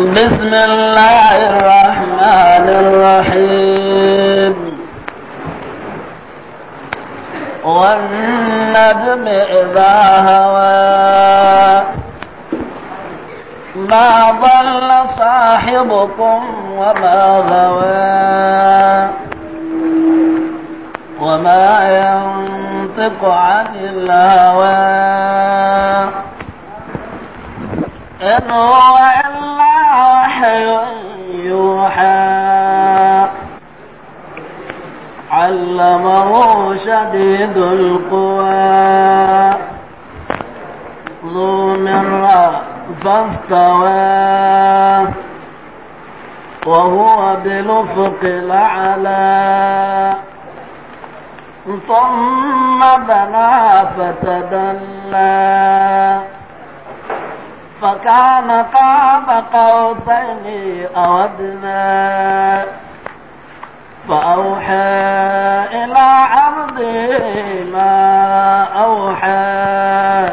بسم الله الرحمن الرحيم والنجم إذا هوى ما ضل صاحبكم وما غوى وما ينطق عن الهوى إن هو إلا يوحى علمه شديد القوى ذو مرة فاستوى وهو بالأفق الأعلى ثم بنى فتدلى فكان قاب قوسين أو أدنى فأوحى إلى عبده ما أوحى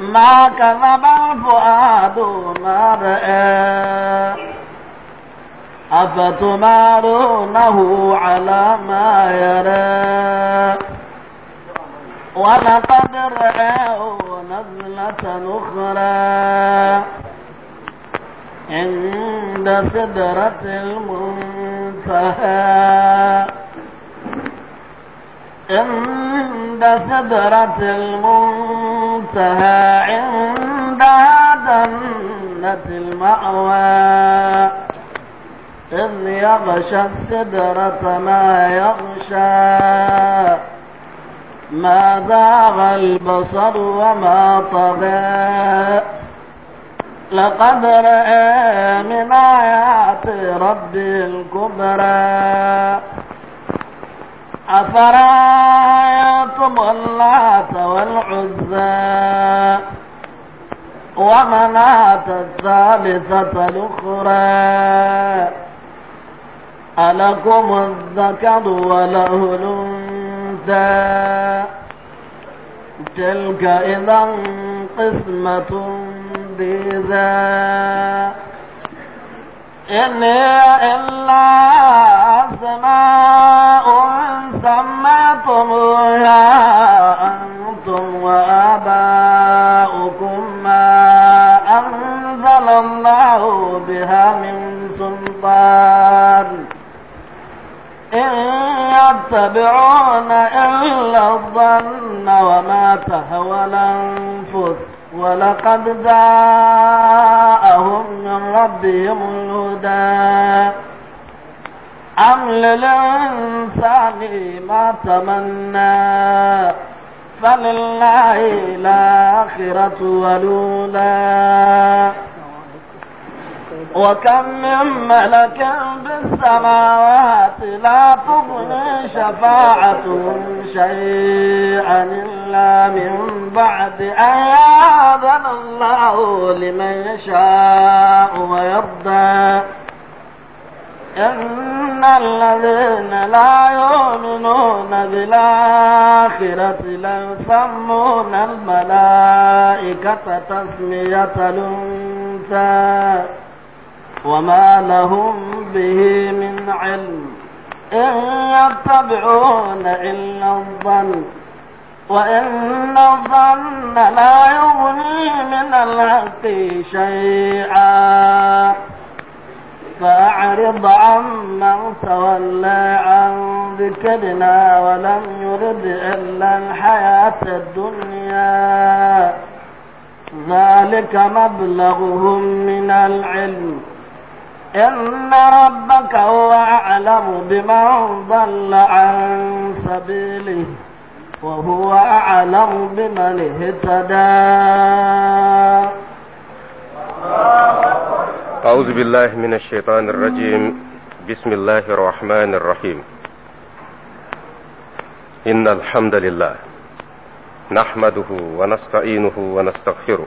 ما كذب الفؤاد ما رأى أفتمارونه على ما يرى ولقد رآه نزلة أخرى عند سدرة المنتهى عند سدرة المنتهى عند جنة المأوى إذ يغشى السدرة ما يغشى ما زاغ البصر وما طغى لقد رأى من آيات ربه الكبرى أفرايتم اللات والعزى ومناة الثالثة الأخرى ألكم الذكر وله الأنثى ودا تلك إذا قسمة ديزا إن هي إلا أسماء سميتموها أنتم وآباؤكم ما أنزل الله بها من سلطان يتبعون إلا الظن وما تهوى الأنفس ولقد جاءهم من ربهم الهدى أم للإنسان ما تمنى فلله الآخرة والأولى وكم من ملك في السماوات لا تغني شفاعتهم شيئا إلا من بعد أن يأذن الله لمن يشاء ويرضى إن الذين لا يؤمنون بالآخرة ليسمون الملائكة تسمية الأنثى وما لهم به من علم إن يتبعون إلا الظن وإن الظن لا يغني من الحق شيئا فأعرض عمن تولى عن ذكرنا ولم يرد إلا الحياة الدنيا ذلك مبلغهم من العلم إن ربك هو أعلم بمن ضل عن سبيله وهو أعلم بمن اهتدى أعوذ بالله من الشيطان الرجيم بسم الله الرحمن الرحيم إن الحمد لله نحمده ونستعينه ونستغفره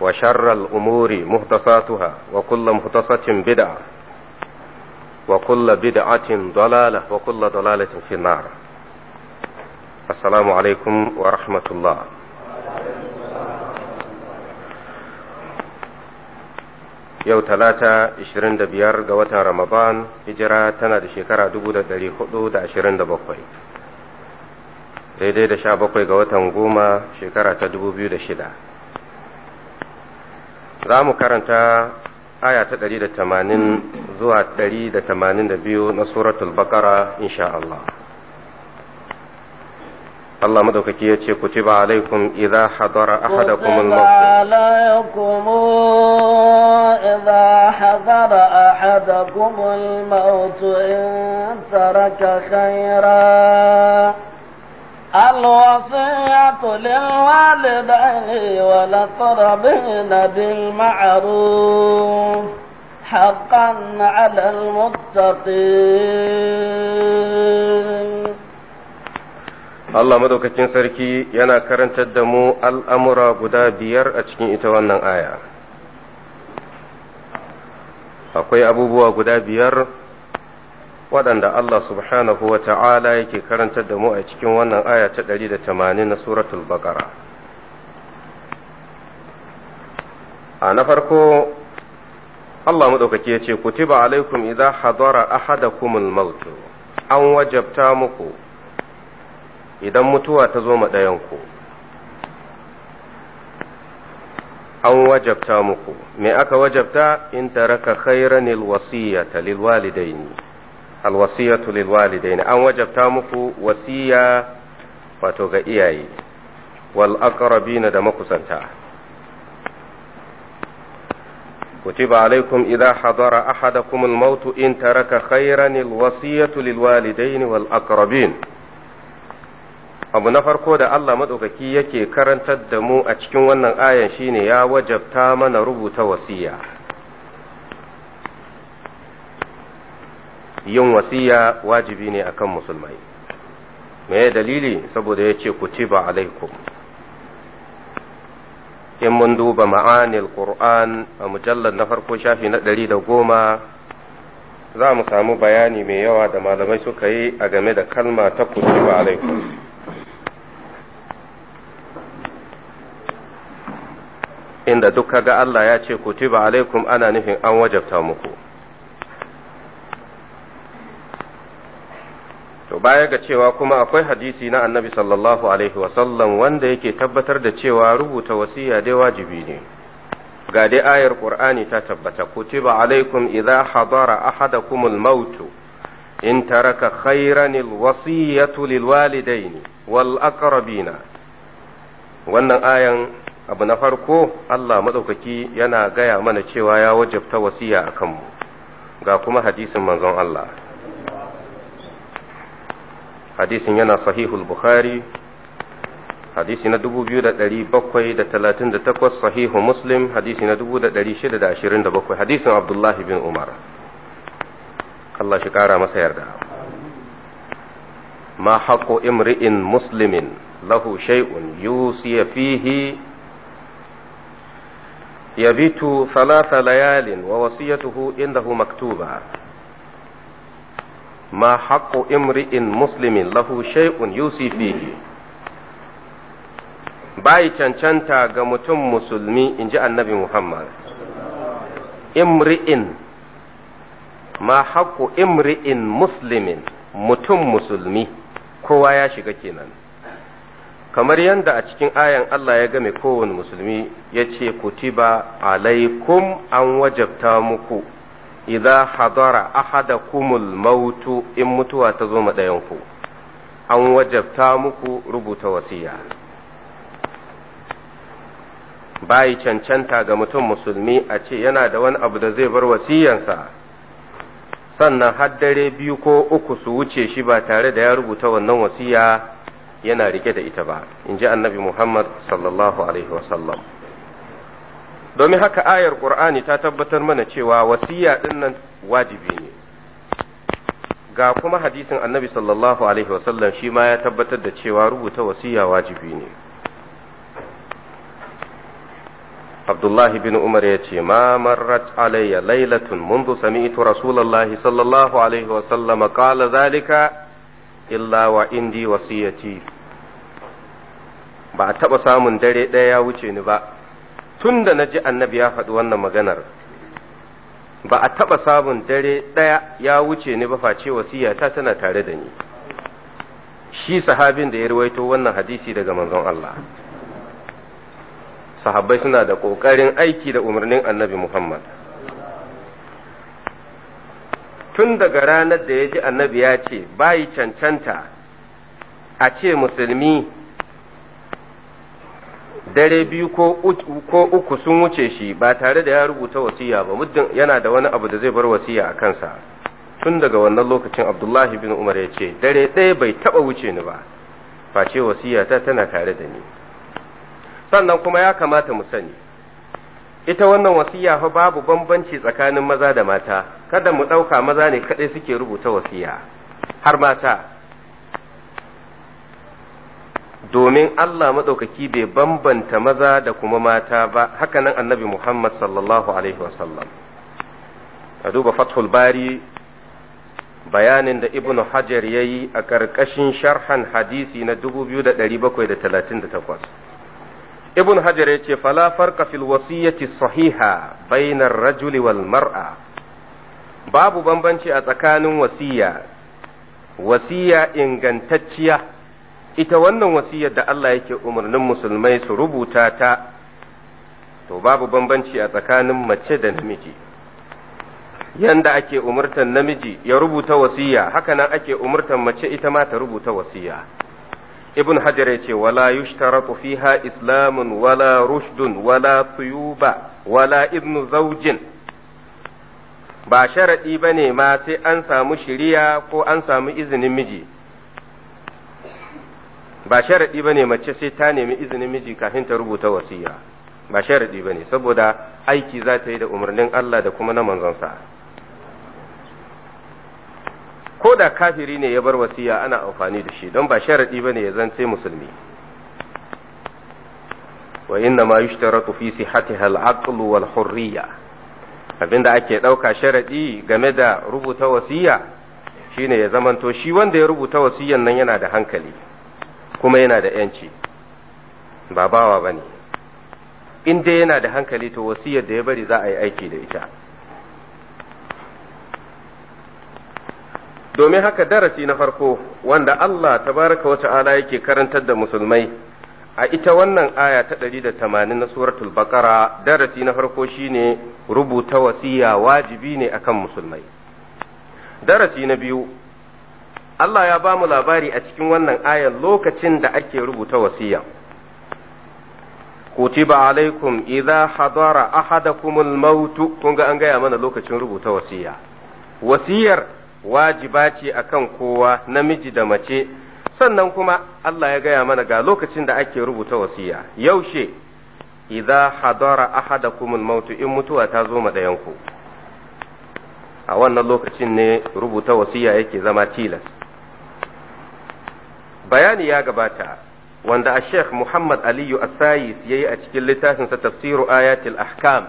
وشر الأمور محدثاتها وكل محدثة بدعة وكل بدعة ضلالة وكل ضلالة في النار السلام عليكم ورحمة الله yau talata 25 ga watan ramadan hijira tana da shekara 427 daidai da 17 ga watan goma shekara ta 2006 za mu karanta aya ta 180 zuwa 182 na suratul baqara insha Allah Allah madaukaki ya ce ku ci kutiba alaikum idza hadara ahadakum al-maut alaikum idza hadara ahadakum al-maut in taraka khayran الوصية للوالدين والأقربين بالمعروف حقا على المتقين Allah madaukakin sarki yana karantar da mu al'amura guda biyar a cikin ita wannan aya. Akwai abubuwa guda biyar waɗanda Allah subhanahu wa ta'ala yake karantar da mu a cikin wannan aya ta ɗari da tamanin na suratul baqara a na farko Allah maɗaukaki ya ce kutiba alaikum idza hadara ahadakumul mautu an wajabta muku idan mutuwa ta zo ma ɗayanku an wajabta muku me aka wajabta in taraka khairan alwasiyata lilwalidaini alwasiyatu lilwalidaini walidaini an wajabta muku wasiya wato ga iyaye wal aqrabina da makusanta kutiba alaikum idza hadara ahadakum al maut in taraka khayran al wasiyatu lil walidaini wal aqrabin abu na farko da Allah madaukaki yake karantar da mu a cikin wannan ayan shine ya wajabta mana rubuta wasiya yin wasiya wajibi ne akan musulmai me ya dalili saboda ya ce ku ba alaikum in mun duba ma'anil qur'an a mujallar na farko shafi na ɗari da goma za mu samu bayani mai yawa da malamai suka yi a game da kalma ta ku ba alaikum inda duk kaga Allah ya ce kutiba alaikum ana nufin an wajabta muku to baya ga cewa kuma akwai hadisi na annabi sallallahu alaihi wasallam wanda yake tabbatar da cewa rubuta wasiya dai wajibi ne ga dai ayar qur'ani ta tabbata kutiba alaikum idza hadara ahadakumul mautu in taraka khairan alwasiyatu lilwalidaini wal aqrabina wannan ayan abu na farko Allah madaukaki yana gaya mana cewa ya wajabta wasiya akan mu ga kuma hadisin manzon Allah hadisin yana sahihul bukhari hadisi na 2738 sahihu muslim hadisi na 1627 hadisin abdullahi bin umar Allah shi kara masa yarda ma haqqu imri'in muslimin lahu shay'un yusiya fihi yabitu thalatha layalin wa wasiyatuhu indahu maktuba ma haqqu imri'in muslimin lahu shay'un yusi fihi bai cancanta ga mutum musulmi in ji annabi Muhammad imri'in ma haqqu imri'in muslimin mutum musulmi kowa ya shiga kenan kamar yadda a cikin ayan Allah ya game kowane musulmi ya ce kutiba alaikum an wajabta muku idza hadara ahadakumul mautu in mutuwa ta zo ku an wajabta muku rubuta wasiya bayi cancanta ga mutum musulmi a ce yana da wani abu da zai bar wasiyansa sannan har dare biyu ko uku su wuce shi ba tare da ya rubuta wannan wasiya yana rike da ita ba in ji annabi muhammad sallallahu alaihi wasallam domin haka ayar ƙur'ani ta tabbatar mana cewa wasiya ɗin nan wajibi ne ga kuma hadisin annabi sallallahu alaihi wasallam shi ma ya tabbatar da cewa rubuta wasiya wajibi ne abdullahi bin umar ya ce ma marrat alayya lailatun منذ sami'tu رسول الله صلى الله عليه وسلم قال ذلك إلا وإندي ba a taɓa samun dare ɗaya ya wuce ni ba tun da na ji annabi ya faɗi wannan maganar ba a taɓa sabon dare ɗaya ya wuce ni ba face wasiyata tana tare da ni shi sahabin da ya ruwaito wannan hadisi daga manzon Allah sahabbai suna da ƙoƙarin aiki da umarnin annabi Muhammad tun daga ranar da ya ji annabi ya ce bayi cancanta a ce musulmi dare biyu ko uku sun wuce shi ba tare da ya rubuta wasiya ba muddin yana da wani abu da zai bar wasiya a kansa tun daga wannan lokacin abdullahi bin umar ya ce dare ɗaya bai taɓa wuce ni ba face wasiya ta tana tare da ni sannan kuma ya kamata mu sani ita wannan wasiya fa babu bambanci tsakanin maza da mata kada mu ɗauka maza ne kaɗai suke rubuta wasiya har mata domin Allah maɗaukaki bai bambanta maza da kuma mata ba hakanan annabi Muhammad sallallahu alaihi wasallam a duba fathul bari bayanin da ibnu hajar ya yi a ƙarƙashin sharhan hadisi na 2738 ibnu hajar ya ce fala farka fil wasiyyati sahiha bainar rajuli wal mar'a babu bambanci a tsakanin wasiya wasiya ingantacciya ita wannan wasiyar da Allah yake umarnin musulmai su rubuta ta to babu bambanci a tsakanin mace da namiji yanda ake umurtan namiji ya rubuta wasiya hakanan ake umurtan mace ita ma ta rubuta wasiya ibn hajar ya ce wala yushtaratu fiha islamun wala rushdun wala tuyuba wala ibnu zaujin ba sharaɗi bane ma sai an samu shiriya ko an samu izinin miji ba sharaɗi ba ne mace sai ta nemi izinin miji kafin ta rubuta wasiya ba sharaɗi ba ne saboda aiki za ta yi da umarnin Allah da kuma na manzonsa ko da kafiri ne ya bar wasiya ana amfani da shi don ba sharaɗi ba ne ya zance musulmi wa inna ma yushtaratu fi sihhatiha al-aql wal hurriya abinda ake ɗauka sharaɗi game da rubuta wasiya shine ya zamanto shi wanda ya rubuta wasiyan nan yana da hankali kuma yana da ‘yanci ba bawa ba ne in dai yana da hankali to wasiyar da ya bari za a yi aiki da ita domin haka darasi na farko wanda Allah tabaraka wa ta'ala yake karantar da musulmai a ita wannan aya ta ɗari da tamanin na suratul baqara darasi na farko shine rubuta wasiya wajibi ne akan musulmai darasi na biyu Allah ya ba mu labari a cikin wannan ayan lokacin da ake rubuta wasiya. kutiba alaikum idza hadara ahadakumul mautu kun ga an gaya mana lokacin rubuta wasiya wasiyar wajiba ce akan kowa namiji da mace sannan kuma Allah ya gaya mana ga lokacin da ake rubuta wasiya yaushe idza hadara ahadakumul mautu in mutuwa ta zo ma ɗayanku a wannan lokacin ne rubuta wasiya yake zama tilas bayani ya gabata wanda a sheikh muhammad aliyu asayis ya yi a cikin littafinsa tafsiru ayatul ahkam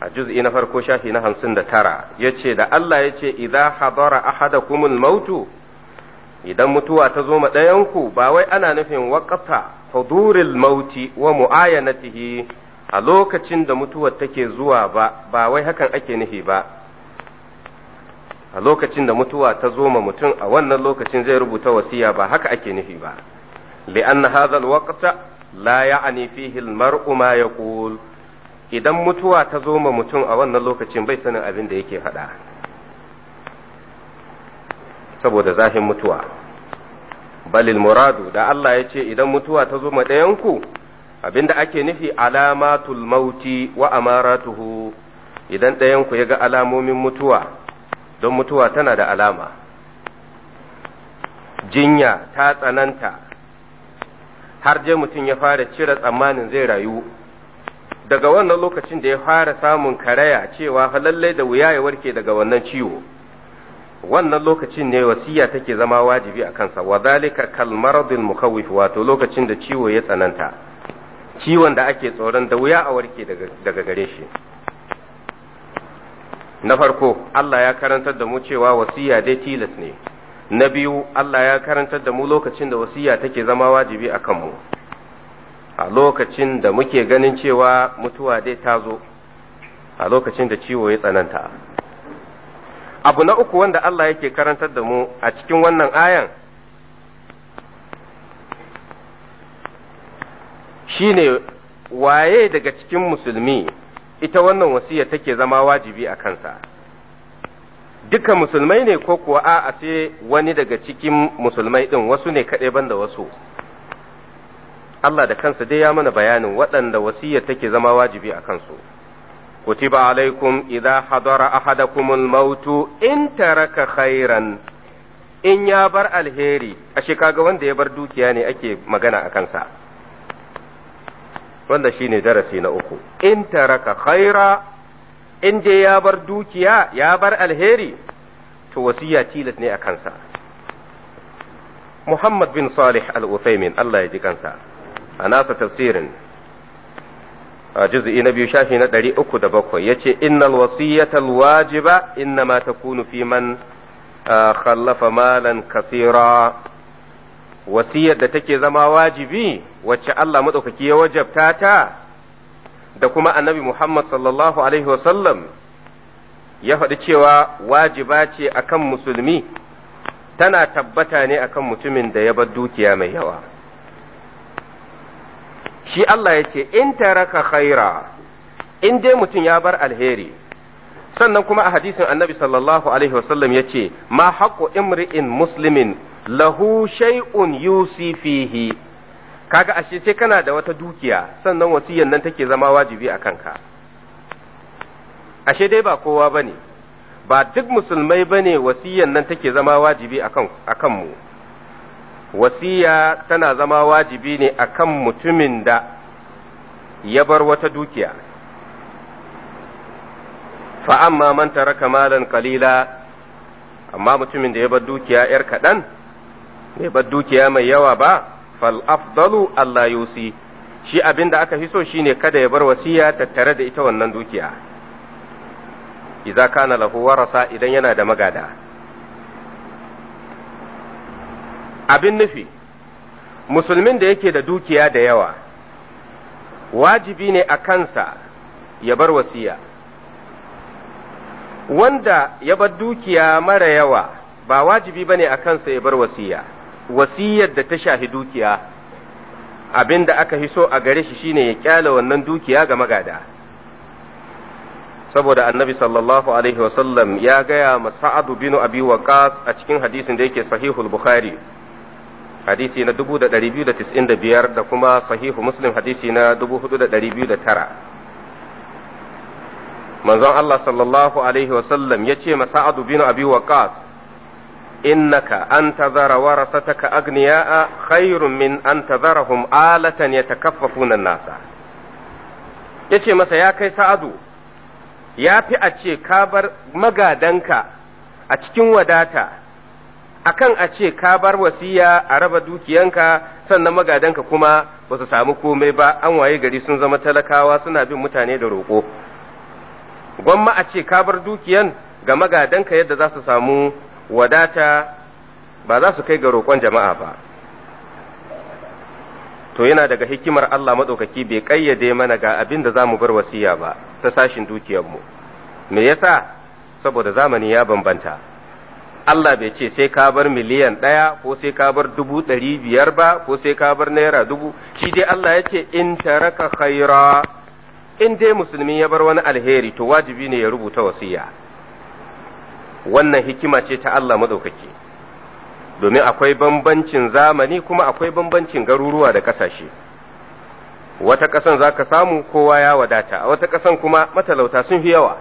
a juz'i na farko shafi na hamsin da tara ya da allah ya ce idza hadara ahadakumul mautu idan mutuwa ta zo ma ɗayanku ba wai ana nufin waƙafa huduril mauti wa mu'ayanatihi a lokacin da mutuwa take zuwa ba ba wai hakan ake nufi ba a lokacin da mutuwa ta zo ma mutum a wannan lokacin zai rubuta wasiya ba haka ake nufi ba li'an hadha alwaqta la ya'ni fihi almar'u ma yaqul idan mutuwa ta zo ma mutum a wannan lokacin bai sanin abin da yake faɗa saboda zahin mutuwa balil muradu da Allah ya ce idan mutuwa ta zo ma ɗayanku abinda ake nufi alamatul mauti wa amaratuhu idan ɗayanku ya ga alamomin mutuwa don mutuwa tana da alama jinya ta tsananta har je mutum ya fara cire tsammanin zai rayu daga wannan lokacin da ya fara samun karaya cewa fa lallai da wuya ya warke daga wannan ciwo wannan lokacin ne wasiya take zama wajibi a kansa wa zalika kal maradil wato lokacin da ciwo ya tsananta ciwon da ake tsoron da wuya a warke daga gare shi na farko Allah ya karantar da mu cewa wasiya dai tilas ne na biyu Allah ya karantar da mu lokacin da wasiya take zama wajibi a kanmu a lokacin da muke ganin cewa mutuwa dai ta zo a lokacin da ciwo ya tsananta abu na uku wanda Allah yake karantar da mu a cikin wannan ayan shine waye daga cikin musulmi ita wannan wasiya take zama wajibi a kansa duka musulmai ne ko kuwa a sai wani daga cikin musulmai din wasu ne kaɗai banda wasu Allah da kansa dai ya mana bayanin waɗanda wasiya take zama wajibi a kansu kutiba alaikum idza hadara ahadakumul mautu in taraka khairan in ya bar alheri ashe kaga wanda ya bar dukiya ne ake magana a kansa wanda shine darasi na uku in taraka khaira in je ya bar dukiya ya bar alheri to wasiya tilas ne a kansa Muhammad bin Salih al-Uthaymin Allah ya ji kansa a nasa tafsirin a juz'i na biyu shafi na ɗari uku da bakwai ya ce innal wasiyatal wajiba innama takunu fi man khallafa malan kasira wasiyar da take zama wajibi wacce Allah maɗaukaki ya wajabta ta da kuma annabi Muhammad sallallahu Alaihi wasallam ya faɗi cewa wajiba ce akan musulmi tana tabbata ne akan mutumin da ya bar dukiya mai yawa. Shi Allah ya ce, In taraka khaira, in dai mutum ya bar alheri, sannan kuma a hadisin annabi sallallahu Alaihi wasallam ya ce, Ma haƙo imri'in muslimin lahu shay'un yusi fihi kaga ashe sai kana da wata dukiya sannan wasiyan nan take zama wajibi a kanka ashe dai ba kowa bane ba duk musulmai bane wasiyan nan take zama wajibi a kanmu wasiya tana zama wajibi ne a kan mutumin da ya bar wata dukiya fa'amma man taraka malan kalila amma mutumin da ya bar dukiya ‘yar kaɗan’ bai bar dukiya mai yawa ba fal afdalu Allah yusi shi abin da aka fi so shine kada ya bar wasiya tattare da ita wannan dukiya idza kana lahu warasa idan yana da magada abin nufi musulmin da yake da dukiya da yawa wajibi ne a kansa ya bar wasiya wanda ya bar dukiya mara yawa ba wajibi bane a kansa ya bar wasiya wasiyar da ta shahi dukiya abin da aka hiso a gare shi shine ya kyale wannan dukiya ga magada saboda annabi sallallahu alaihi wasallam ya gaya ma sa'adu bin abi waqas a cikin hadisin da yake sahihul bukhari hadisi na 2295 da kuma sahihu muslim hadisi na 4209 manzon Allah sallallahu alaihi wasallam ya ce ma sa'adu bin abi waqas innaka an tazara warasataka agniya'a khairun min an tazarahum alatan nasa yace masa ya kai sa'adu ya fi a ce ka bar magadanka a cikin wadata akan a ce ka bar wasiya a raba dukiyanka sannan magadanka kuma ba su samu komai ba an waye gari sun zama talakawa suna bin mutane da roƙo gwamma a ce ka bar dukiyan ga magadanka yadda za su samu wadata ba za su kai ga roƙon jama'a ba to yana daga hikimar Allah maɗaukaki bai ƙayyade mana ga abin da za mu bar wasiya ba ta sashin dukiyarmu me yasa saboda zamani ya bambanta Allah bai ce sai ka bar miliyan ɗaya ko sai ka bar dubu ɗari biyar ba ko sai ka bar naira dubu shi dai Allah ya ce in taraka khaira in dai musulmi ya bar wani alheri to wajibi ne ya rubuta wasiya wannan hikima ce ta Allah maɗaukaki, domin akwai bambancin zamani kuma akwai bambancin garuruwa da ƙasashe wata ƙasan za ka samu kowa ya wadata a wata ƙasan kuma matalauta sun fi yawa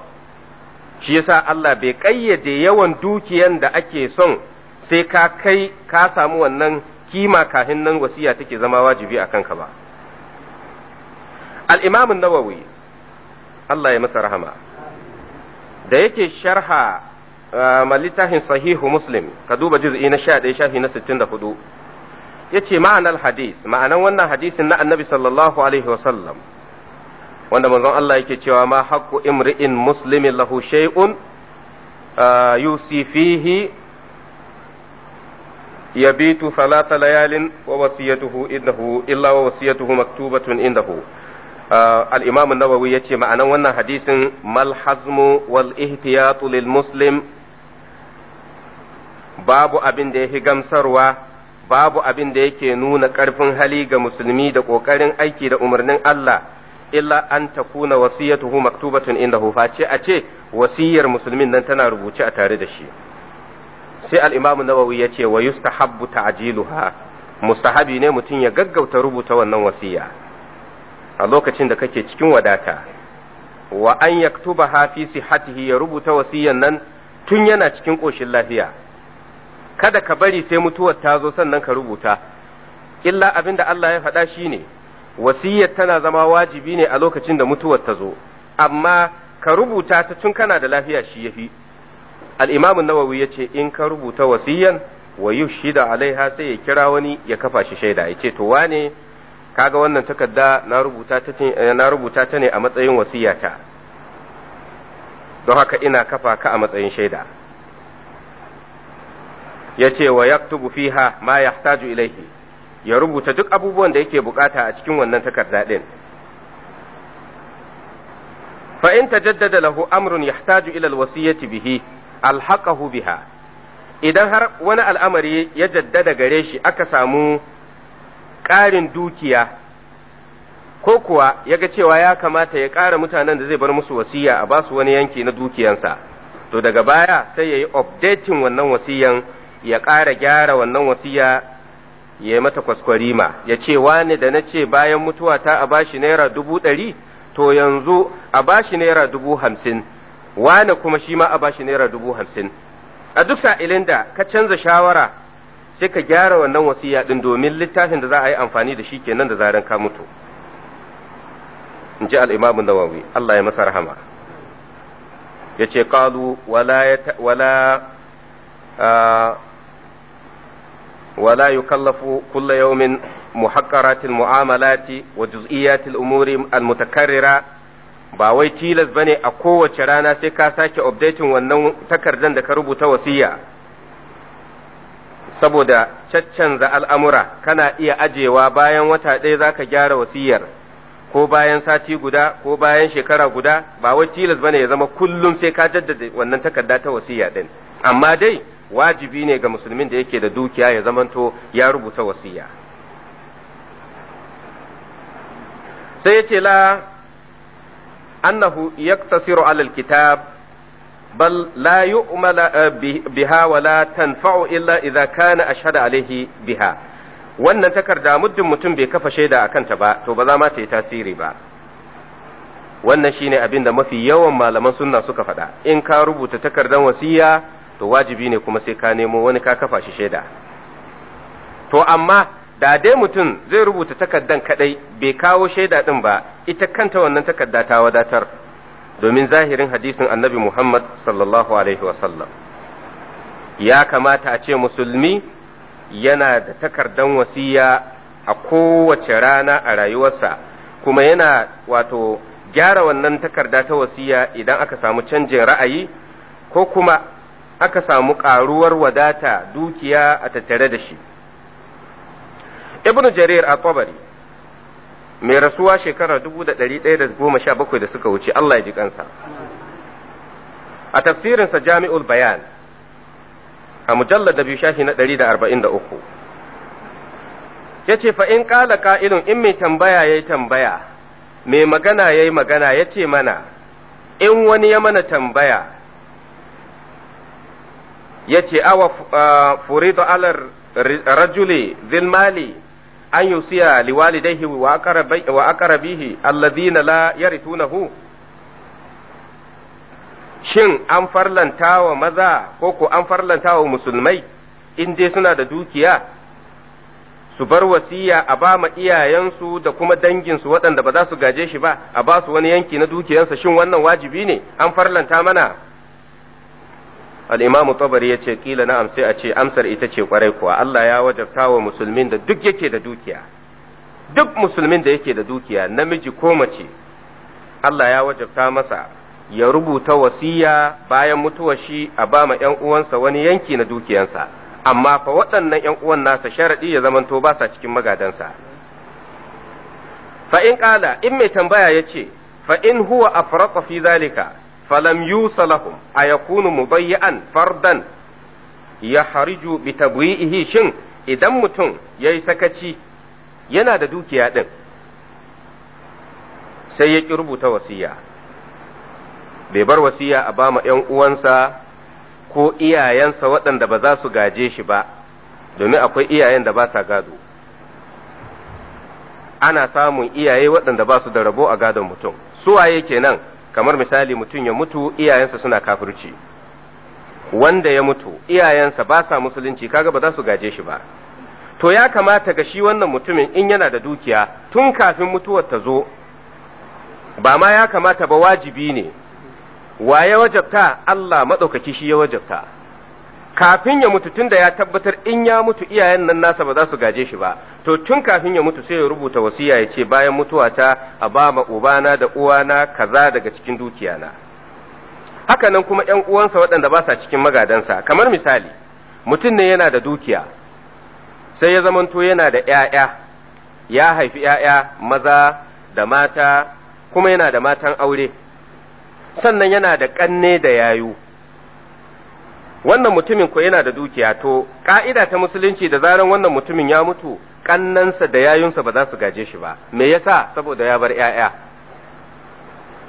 shi yasa Allah bai ƙayyade yawan dukiyan da ake son sai ka kai ka samu wannan kima kafin nan wasiya take zama wajibi a kanka ba al-imam nawawi Allah ya masa rahama da yake sharha ma littafin sahihu muslim ka duba juz'i na 11 shafi na 64 yace ma'anar hadis ma'anan wannan hadisin na annabi sallallahu alaihi sallam. wanda manzon Allah yake cewa ma haqqu imri'in muslimin lahu shay'un yusi fihi yabitu salata layalin wa wasiyatuhu indahu illa wa wasiyatuhu maktubatun indahu al-imam an-nawawi yace ma'anar wannan hadisin mal hazmu wal ihtiyatu lil muslim babu abin da yafi gamsarwa babu abin da yake nuna ƙarfin hali ga musulmi da ƙoƙarin aiki da umarnin Allah illa an ta kuna wasiyatuhu maktubatun indahu face a ce wasiyar musulmin nan tana rubuce a tare da shi sai al-imamu nawawi ya ce wa yustahabbu ta'jiluha mustahabi ne mutum ya gaggauta rubuta wannan wasiya a lokacin da kake cikin wadata wa an yaktuba fi sihhatihi ya rubuta wasiyan nan tun yana cikin ƙoshin lafiya kada ka bari sai mutuwar ta zo sannan ka rubuta illa abin da Allah ya faɗa shine wasiyyar tana zama wajibi ne a lokacin da mutuwar ta zo amma ka rubuta ta tun kana da lafiya shi yafi al-imam an-nawawi yace in ka rubuta wasiyyan wa yushida alaiha sai ya kira wani ya kafa shi shaida yace to wane kaga wannan takarda na rubuta ta eh, na rubuta ta ne a matsayin wasiyata don haka ina kafa ka a matsayin shaida yace wa yaktubu fiha ma yahtaju ilaihi ya rubuta duk abubuwan da yake bukata a cikin wannan takarda din fa in tajaddada lahu amrun yahtaju ila alwasiyati bihi alhaqahu biha idan har wani al'amari ya jaddada gare shi aka samu ƙarin dukiya ko kuwa ya ga cewa ya kamata ya ƙara mutanen da zai bar musu wasiya a basu wani yanki na dukiyansa to daga baya sai ya yi updating wannan wasiyan ya ƙara gyara wannan wasiya ya yi mata kwaskwarima ya ce wani da na ce bayan mutuwa ta a bashi naira dubu ɗari to yanzu a bashi naira dubu hamsin wani kuma shi ma a bashi naira dubu hamsin a duk sa'ilin da ka canza shawara sai ka gyara wannan wasiya ɗin domin littafin da za a yi amfani da shi kenan da zaran ka mutu in ji al'imamu nawawi Allah ya masa rahama ya ce ƙalu wala ah, ولا يكلف كل يوم محقرات المعاملات وجزئيات الأمور المتكررة ba wai tilas bane a kowace rana sai ka sake updating wannan takardar da ka rubuta wasiya saboda caccanza al'amura kana iya ajewa bayan wata ɗaya za ka gyara wasiyar ko bayan sati guda ko bayan shekara guda ba wai tilas bane ya zama kullum sai ka jaddada wannan takarda ta wasiya ɗin amma dai wajibi ne ga musulmin da yake da dukiya ya zamanto ya rubuta wasiya sai yace la annahu yaktasiru alal kitab bal la yu'mala eh, biha wa la tanfa'u illa idza kana ashhadu alaihi biha wannan takarda muddin mutum bai kafa shaida a kanta ba to ba za ma ta yi tasiri ba wannan shine abin da mafi yawan malaman sunna suka faɗa in ka rubuta takardar wasiya to wajibi ne kuma sai ka nemo wani ka kafa shi shaida to amma da dai mutum zai rubuta takardan kadai bai kawo shaida din ba ita kanta wannan takarda ta wadatar domin zahirin hadisin annabi Muhammad sallallahu alaihi wasallam ya kamata a ce musulmi yana da takardan wasiya a kowace rana a rayuwarsa kuma yana wato gyara wannan takarda ta wasiya idan aka samu canjin ra'ayi ko kuma aka samu ƙaruwar wadata dukiya a tattare da shi ibnu jarir a tabari mai rasuwa shekarar 1117 da suka wuce Allah ya ji kansa a tafsirinsa jami'ul bayan a mujallar da biyu shafi na 143 ya ce in ƙala ka'ilun in mai tambaya ya tambaya mai magana ya yi magana ya ce mana in wani ya mana tambaya yace awa uh, furidu alar rajuli dhil mali an yusiya liwalidayhi wa aqrabihi alladhina la yarithunahu shin an farlanta wa maza ko ko an farlanta wa musulmai in dai suna da dukiya su bar wasiya a ba ma iyayensu da kuma danginsu waɗanda ba za su gaje shi ba a ba su wani yanki na dukiyansa shin wannan wajibi ne an farlanta mana al-imamu tabari yace kila na sai a ce amsar ita ce kwarai kuwa Allah ya wajabta wa musulmin da duk yake da dukiya duk musulmin da yake da dukiya namiji ko mace Allah ya wajabta masa ya rubuta wasiya bayan mutuwar shi a ba ma ‘yan uwansa wani yanki na dukiyansa, amma fa waɗannan ‘yan uwan nasa sharaɗi ya zamanto ba sa cikin magadansa. Fa in ƙala, in mai tambaya ya ce, fa in huwa afraqa fi zalika falam yusa lahum a yakunu mubayyan fardan ya hariju bi shin idan mutum yayi sakaci yana da dukiya din sai ya ki rubuta wasiya bai bar wasiya a bama ‘yan uwansa ko iyayensa waɗanda ba za su gaje shi ba, domin akwai iyayen da ba sa gado. Ana samun iyaye waɗanda ba su da rabo a gadon mutum, Su waye kenan kamar misali mutum ya mutu iyayensa suna kafirci wanda ya mutu iyayensa ba sa musulunci kaga ba za su gaje shi ba to ya kamata ga shi wannan mutumin in yana da dukiya tun kafin mutuwar ta zo ba ma ya kamata ba wajibi ne wa ya wajabta Allah maɗaukaki shi ya wajabta kafin ya mutu tunda ya tabbatar in ya mutu iyayen nan nasa ba za su gaje shi ba to tun kafin ya mutu sai ya rubuta wasiya ya ce bayan mutuwa ta a ba ma ubana da uwana kaza daga cikin dukiyana haka nan kuma ƴan uwansa waɗanda ba sa cikin magadansa kamar misali mutum ne yana da dukiya sai ya zamanto yana da ƴaƴa ya haifi ƴaƴa maza da mata kuma yana da matan aure sannan yana da ƙanne da yayu wannan mutumin ko yana da dukiya to ka'ida ta musulunci da zaran wannan mutumin ya mutu kannansa da yayunsa ba za su gaje shi ba me yasa saboda ya bar 'ya'ya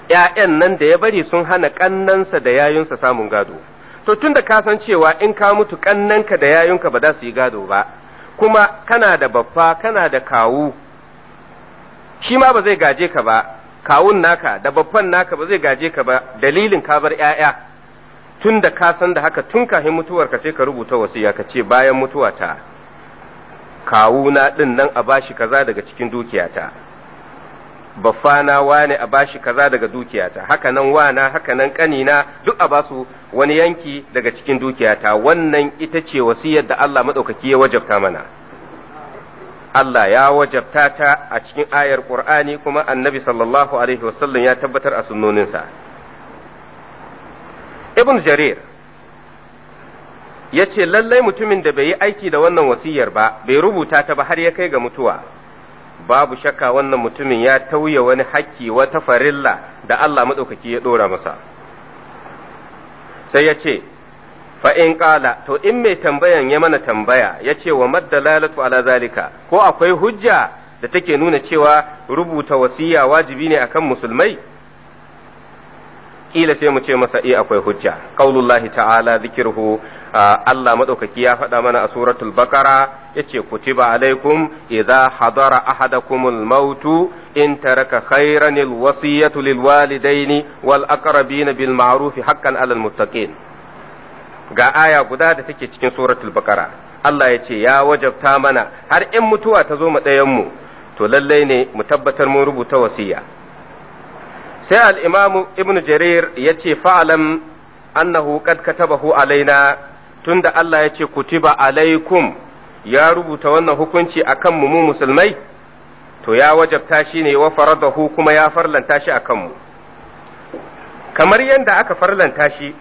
'ya'yan nan da ya bari sun hana kannansa da yayunsa samun gado to tunda ka san cewa in ka mutu kannanka da yayunka ba za su yi gado ba kuma kana da baffa kana da kawu shi ma ba zai gaje ka ba kawun naka da baffan naka ba zai gaje ka ba dalilin ka bar 'ya'ya. tun da ka san da haka tun kafin ka sai ka rubuta wasiya ka ce bayan mutuwata kawuna ɗin nan a bashi kaza daga cikin dukiyata baffana wane a bashi kaza daga dukiyata haka nan wana haka nan kanina duk a basu wani yanki daga cikin dukiyata wannan ita ce wasiyar da Allah maɗaukaki ya wajabta mana Allah ya wajabta ta a cikin ayar Qur'ani kuma annabi sallallahu alaihi wasallam ya tabbatar a sunnoninsa ibn jarir ya ce lallai mutumin da bai yi aiki da wannan wasiyar ba bai rubuta ta ba har ya kai ga mutuwa babu shakka wannan mutumin ya tauye wani hakki wata farilla da Allah maɗaukaki ya ɗora masa sai ya ce fa'in ƙala to in mai tambayan ya mana tambaya ya ce wa maddalalatu ala zalika ko akwai hujja da take nuna cewa rubuta wasiya wajibi ne akan musulmai kila sai mu ce masa eh akwai hujja qaulullahi ta'ala zikirhu Allah madaukaki ya faɗa mana a suratul baqara yace kutiba alaikum idza hadara ahadakumul mautu in taraka khairan alwasiyatu lilwalidaini wal aqrabina bil ma'ruf haqqan alal muttaqin ga aya guda da take cikin suratul baqara Allah ya ce ya wajabta mana har in mutuwa ta zo mu mu to lallai ne mu tabbatar mun rubuta wasiya sai al'imamu ibn jarir ya ce fa'alam annahu qad katabahu alaina tunda Allah ya ce kutiba alaikum ya rubuta wannan hukunci akan mu mu musulmai to ya wajabta shi ne wa faradahu kuma ya farlanta shi akan mu kamar yadda aka farlanta shi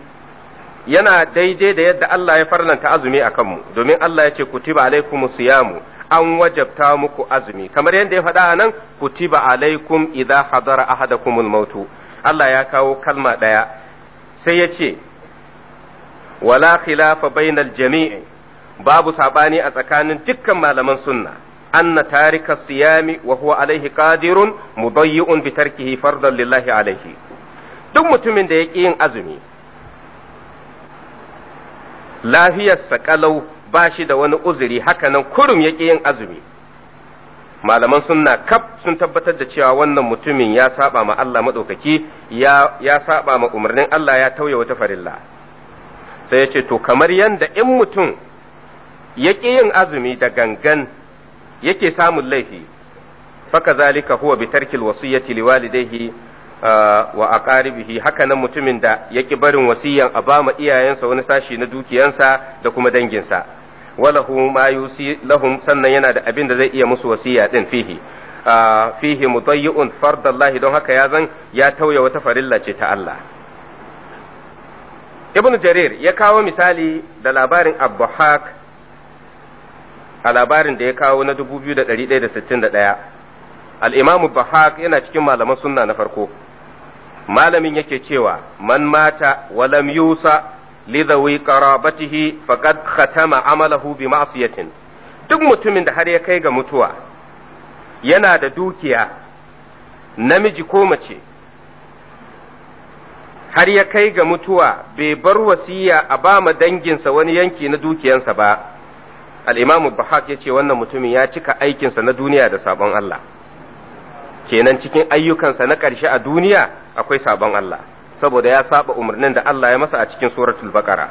yana daidai da yadda Allah ya farlanta azumi a kanmu domin Allah ya ce kutiba alaikum siyamu an wajabta muku azumi kamar yadda ya faɗa a nan kutiba alaikum idza hadara ahadakum mautu Allah ya kawo kalma ɗaya sai ya ce wala khilafa bainal jami'i babu sabani a tsakanin dukkan malaman sunna anna tarika siyami wa huwa alaihi qadirun mudayyi'un bi tarkihi fardan lillahi alaihi duk mutumin da yake yin azumi lafiyarsa kalau ba shi da wani uzuri hakanan kurum ya yin azumi malaman sunna kaf sun tabbatar da cewa wannan mutumin ya saba ma Allah maɗaukaki ya saba ma umarnin Allah ya tauye wata farilla sai ya ce to kamar yadda in mutum ya yin azumi da gangan yake samun laifi faka zalika huwa bi tarkil wasiyyati liwalidayhi wa aqaribihi haka nan mutumin da yake barin wasiyan a bama iyayensa wani sashi na dukiyansa da kuma danginsa walahu ma yusi lahum sannan yana da abin da zai iya musu wasiya din fihi fihi mudayyi'un fardallahi don haka ya zan ya tauya wata farilla ce ta Allah ibnu jarir ya kawo misali da labarin abbuhak a labarin da ya kawo na 2161 al-imam yana cikin malaman sunna na farko malamin yake cewa man mata wa yusa li dhawi qarabatihi faqad khatama amalahu bi duk mutumin da har ya kai ga mutuwa yana da dukiya namiji ko mace har ya kai ga mutuwa bai bar wasiya a ba ma danginsa wani yanki na dukiyansa ba al'imamu bahak ya ce wannan mutumin ya cika aikinsa na duniya da sabon Allah kenan cikin ayyukansa na ƙarshe a duniya akwai sabon Allah saboda ya saba umarnin da Allah ya masa a cikin suratul baqara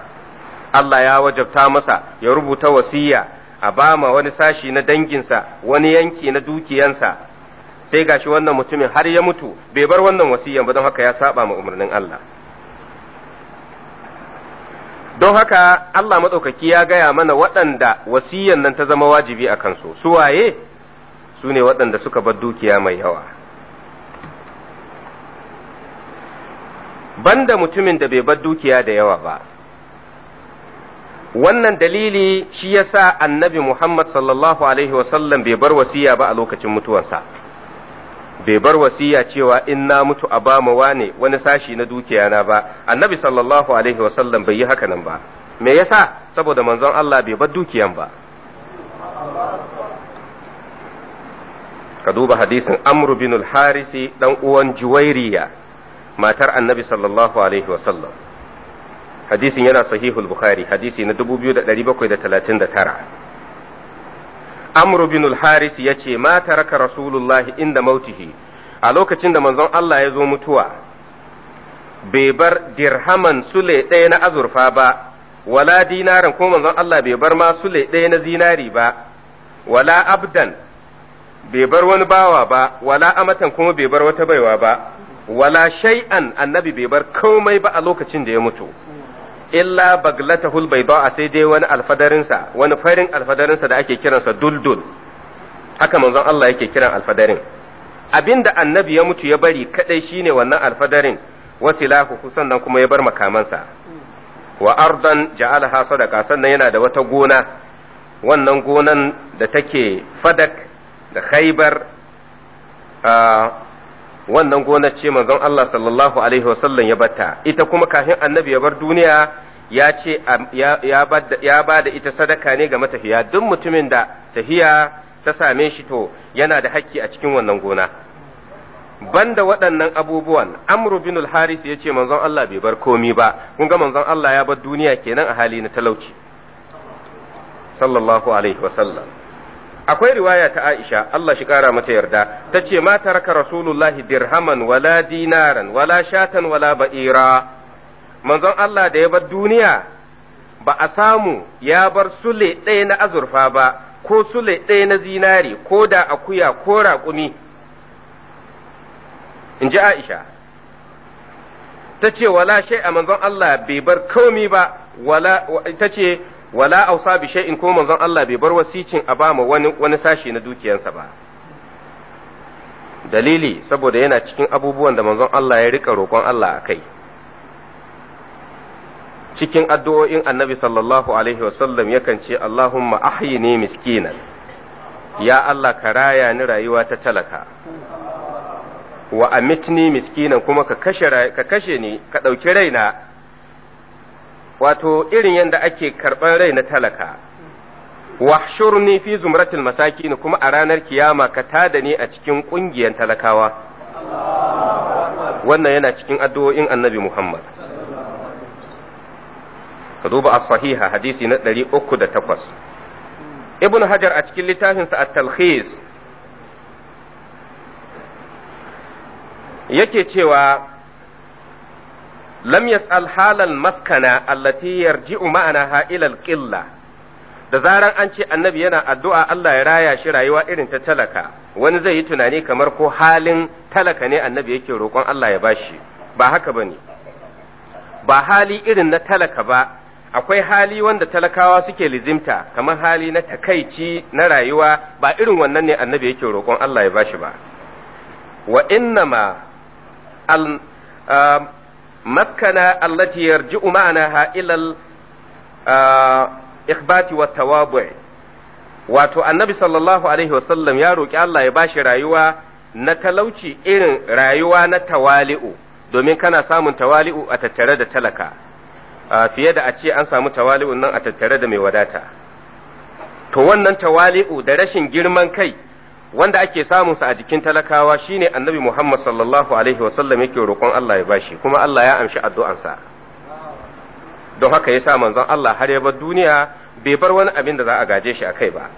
Allah ya wajabta masa ya rubuta wasiya a bama wani sashi na danginsa wani yanki na dukiyansa sai gashi wannan mutumin har ya mutu bai bar wannan wasiya ba don haka ya saba ma umarnin Allah don haka Allah maɗaukaki ya gaya mana waɗanda wasiyan nan ta zama wajibi a kansu su waye su ne waɗanda suka bar dukiya mai yawa banda mutumin da bai bar dukiya da yawa ba wannan dalili shi ya sa annabi Muhammad sallallahu alaihi wasallam bai bar wasiya ba a lokacin mutuwansa. bai bar wasiya cewa in na mutu a bama wane wani sashi na dukiya na ba annabi sallallahu alaihi wasallam bai yi haka nan ba me yasa saboda manzon Allah bai bar dukiyan ba ka duba hadisin amru bin al-harisi dan uwan juwairiya matar annabi sallallahu alaihi sallam. hadisin yana sahihul bukhari hadisi na 2739 amru bin al-harisi yace ma taraka rasulullahi inda mautihi a lokacin da manzon Allah ya zo mutuwa bai bar dirhaman sule ɗaya na azurfa ba wala dinaran ko manzon Allah bai bar ma sule ɗaya na zinari ba wala abdan bai bar wani bawa ba wala amatan kuma bai bar wata baiwa ba wala shay'an annabi bai bar komai ba a lokacin da ya mutu illa baglatahul a sai dai wani alfadarinsa wani farin alfadarinsa da ake kiransa duldul haka manzon Allah yake kiran alfadarin abinda annabi ya mutu ya bari kadai shine wannan alfadarin wasilahu sannan kuma ya bar makamansa wa ardan ja'alaha sadaqa sannan yana da wata gona wannan gonan da take fadak da khaibar wannan gona ce manzon Allah sallallahu alaihi wasallam ya bata ita kuma kafin annabi ya bar duniya ya ce ya ba da ita sadaka ne ga matafiya duk mutumin da tafiya ta same shi to yana da haƙƙi a cikin wannan gona banda waɗannan abubuwan amru bin haris ya ce manzon Allah bai bar komi ba kun ga manzon Allah ya bar duniya kenan a hali na talauci sallallahu alaihi wasallam akwai riwaya ta Aisha Allah shi kara mata yarda ta ce ma taraka rasulullahi dirhaman wala dinaran wala shatan wala ba'ira manzon Allah da ya bar duniya ba a samu ya bar sule ɗaya na azurfa ba ko sule ɗaya na zinari ko da akuya ko raƙumi in ji Aisha ta ce wala shai a manzon Allah bai bar komi ba wala ta ce wala ausa bi shay'in ko manzon Allah bai bar wasicin a ba wani wani sashi na dukiyansa ba dalili saboda yana cikin abubuwan da manzon Allah ya rika roƙon Allah a kai cikin addu'o'in annabi sallallahu alaihi wasallam yakan ce Allahumma ahyini miskinan ya Allah ka raya ni rayuwa ta talaka wa amitni miskinan kuma ka kashe ni ka ɗauki raina wato irin yadda ake karɓar rai na talaka wahshurni fi zumratil masakin kuma a ranar kiyama ka tada ni a cikin ƙungiyar talakawa wannan yana cikin addu'o'in annabi Muhammad ka duba as-sahiha hadisi na 308 ibn hajar a cikin littafinsa at-talkhis yake cewa lam yas'al halal maskana allati yarji'u ma'anaha ila al da zaran an ce annabi yana addu'a Allah ya raya shi rayuwa irin ta talaka wani zai yi tunani kamar ko halin talaka ne annabi yake roƙon Allah ya bashi ba haka bane ba hali irin na talaka ba akwai hali wanda talakawa suke lizimta kamar hali na takaici na rayuwa ba irin wannan ne annabi yake roƙon Allah ya bashi ba wa innama ah, maskana allati yarji'u ma'anaha ilal ikhbati wa wato annabi sallallahu alaihi wasallam ya roki Allah ya bashi rayuwa na talauci irin rayuwa na tawali'u domin kana samun tawali'u a tattare da talaka fiye da a ce an samu tawali'u nan a tattare da mai wadata to wannan tawali'u da rashin girman kai wanda ake samun sa a jikin talakawa shine annabi Muhammad sallallahu alaihi wasallam yake roƙon Allah ya bashi kuma Allah ya amshi addu'ansa don haka yasa manzon Allah har ya bar duniya bai bar wani abin da za a gaje shi a kai ba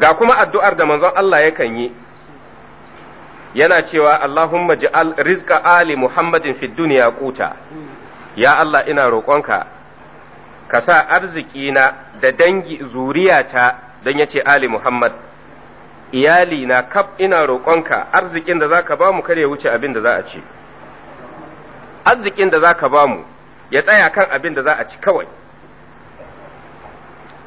ga kuma addu'ar da manzon Allah yakan yi yana cewa Allahumma ji'al rizqa ali Muhammadin fid dunya quta ya Allah ina roƙonka ka sa arziki na da dangi zuriyata don ya ce ali Muhammad iyali na kaf ina roƙonka arzikin da zaka bamu kar ya wuce abin da za a ci arzikin da zaka bamu ya tsaya kan abin da za a ci kawai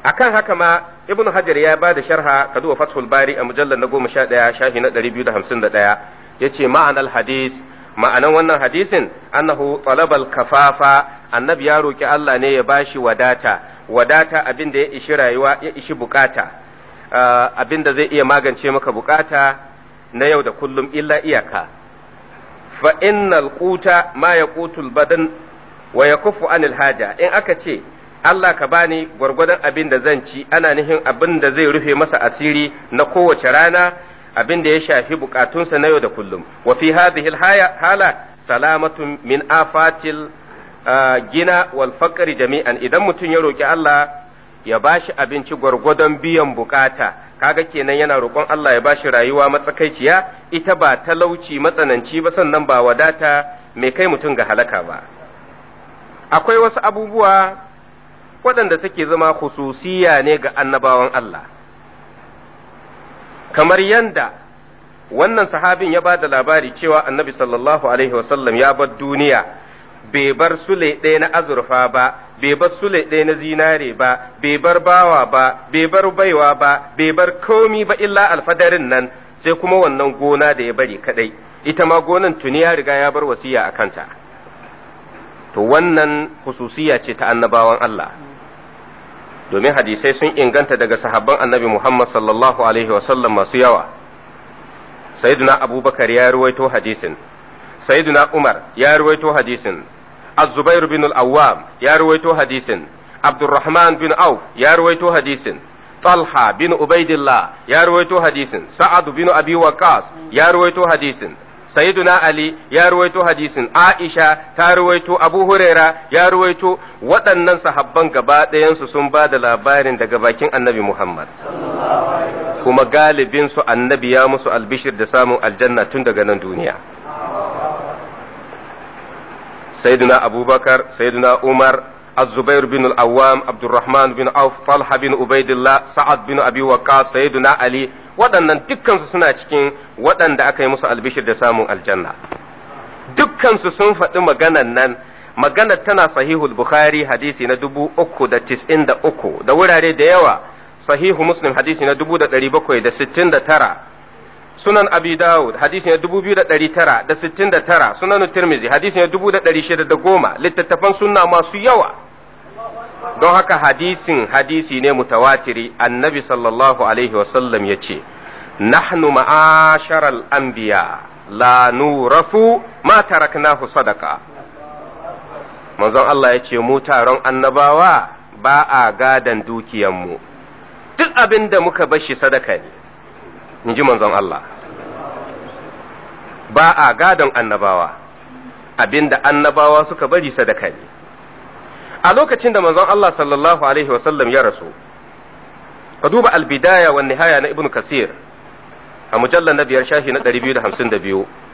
akan haka ma ibn hajar ya ba da sharha kaduwa fathul bari a mujallar na goma sha ɗaya shafi na ɗari biyu da hamsin da ɗaya ya ce ma'anar hadis ma'anar wannan hadisin annahu talabal kafafa annabi ya roƙi Allah ne ya bashi wadata wadata abin da ya ishi rayuwa ya ishi bukata Ah, abin da zai iya magance maka bukata na yau da kullum illa iyaka fa innal quta ma yaqutul badan wa yakuffu anil haja in aka ce Allah ka bani gwargwadon abin da zan ci ana nihin abin da zai rufe masa asiri na kowace rana abin da ya shafi bukatunsa na yau da kullum wa fi hadhihi hala salamatun min afatil ah, gina wal jami'an idan mutum ya roki Allah ya ba shi abinci gwargwadon biyan bukata kaga kenan yana roƙon Allah ya ba shi rayuwa matsakaiciya ita ba talauci matsananci ba sannan ba wadata mai kai mutum ga halaka ba akwai wasu abubuwa waɗanda suke zama khususiya ne ga annabawan Allah kamar yanda wannan sahabin ya ba da labari cewa annabi sallallahu alaihi wasallam ya bar duniya bai bar sule ɗaya na azurfa ba, bai bar sule ɗaya na zinare ba, bai bar bawa ba, bai bar baiwa ba, bai bar komi ba illa alfadarin nan sai kuma wannan gona da ya bari kadai, ita ma gonan tuni ya riga ya bar wasiya a kanta. To wannan hususiya ce ta annabawan Allah. Domin hadisai sun inganta daga sahabban annabi Muhammad sallallahu alaihi wa sallam, masu yawa. Sayyiduna Abubakar ya ruwaito hadisin. sayyiduna Umar ya ruwaito hadisin Az-Zubair bin al ya ruwaito hadisin Abdulrahman bin Auf ya ruwaito hadisin Talha bin Ubaidillah ya ruwaito hadisin Sa'ad bin Abi Waqqas ya ruwaito hadisin sayyiduna Ali ya ruwaito hadisin Aisha ta ruwaito Abu Huraira ya ruwaito waɗannan sahabban gaba ɗayansu sun ba da labarin daga bakin annabi Muhammad. Kuma galibinsu annabi ya musu albishir da samun aljanna tun daga nan duniya. sayyidina abubakar sayyidina umar الزبير بن الأوام عبد الرحمن بن عوف طلحة بن عبيد الله سعد بن أبي وقاص سيدنا علي waɗannan dukkansu suna cikin waɗanda aka yi musu albishir da samun aljanna dukkansu sun faɗi maganan nan maganar tana sahihul bukhari hadisi na dubu uku da tis'in da uku da wurare da yawa sahihu muslim hadisi na dubu da ɗari bakwai da sittin da tara sunan abi dawud hadisi ne tara sunan Turmizi, hadisi ne goma. littattafan sunna masu yawa don haka hadisin hadisi ne mutawatiri annabi sallallahu alaihi wasallam ya ce nahnu ma'asharal anbiya la nurafu ma taraknahu sadaka manzon Allah ya ce mu taron annabawa ba a gadan dukiyanmu duk abin da muka bashi sadaka ne in ji manzon Allah ba a gadon annabawa abinda annabawa suka bari sadaka ne a lokacin da manzon Allah sallallahu alaihi wasallam ya rasu ka duba albidaya wa nihaya na ibn kasir a mujallar na biyar shashi na 252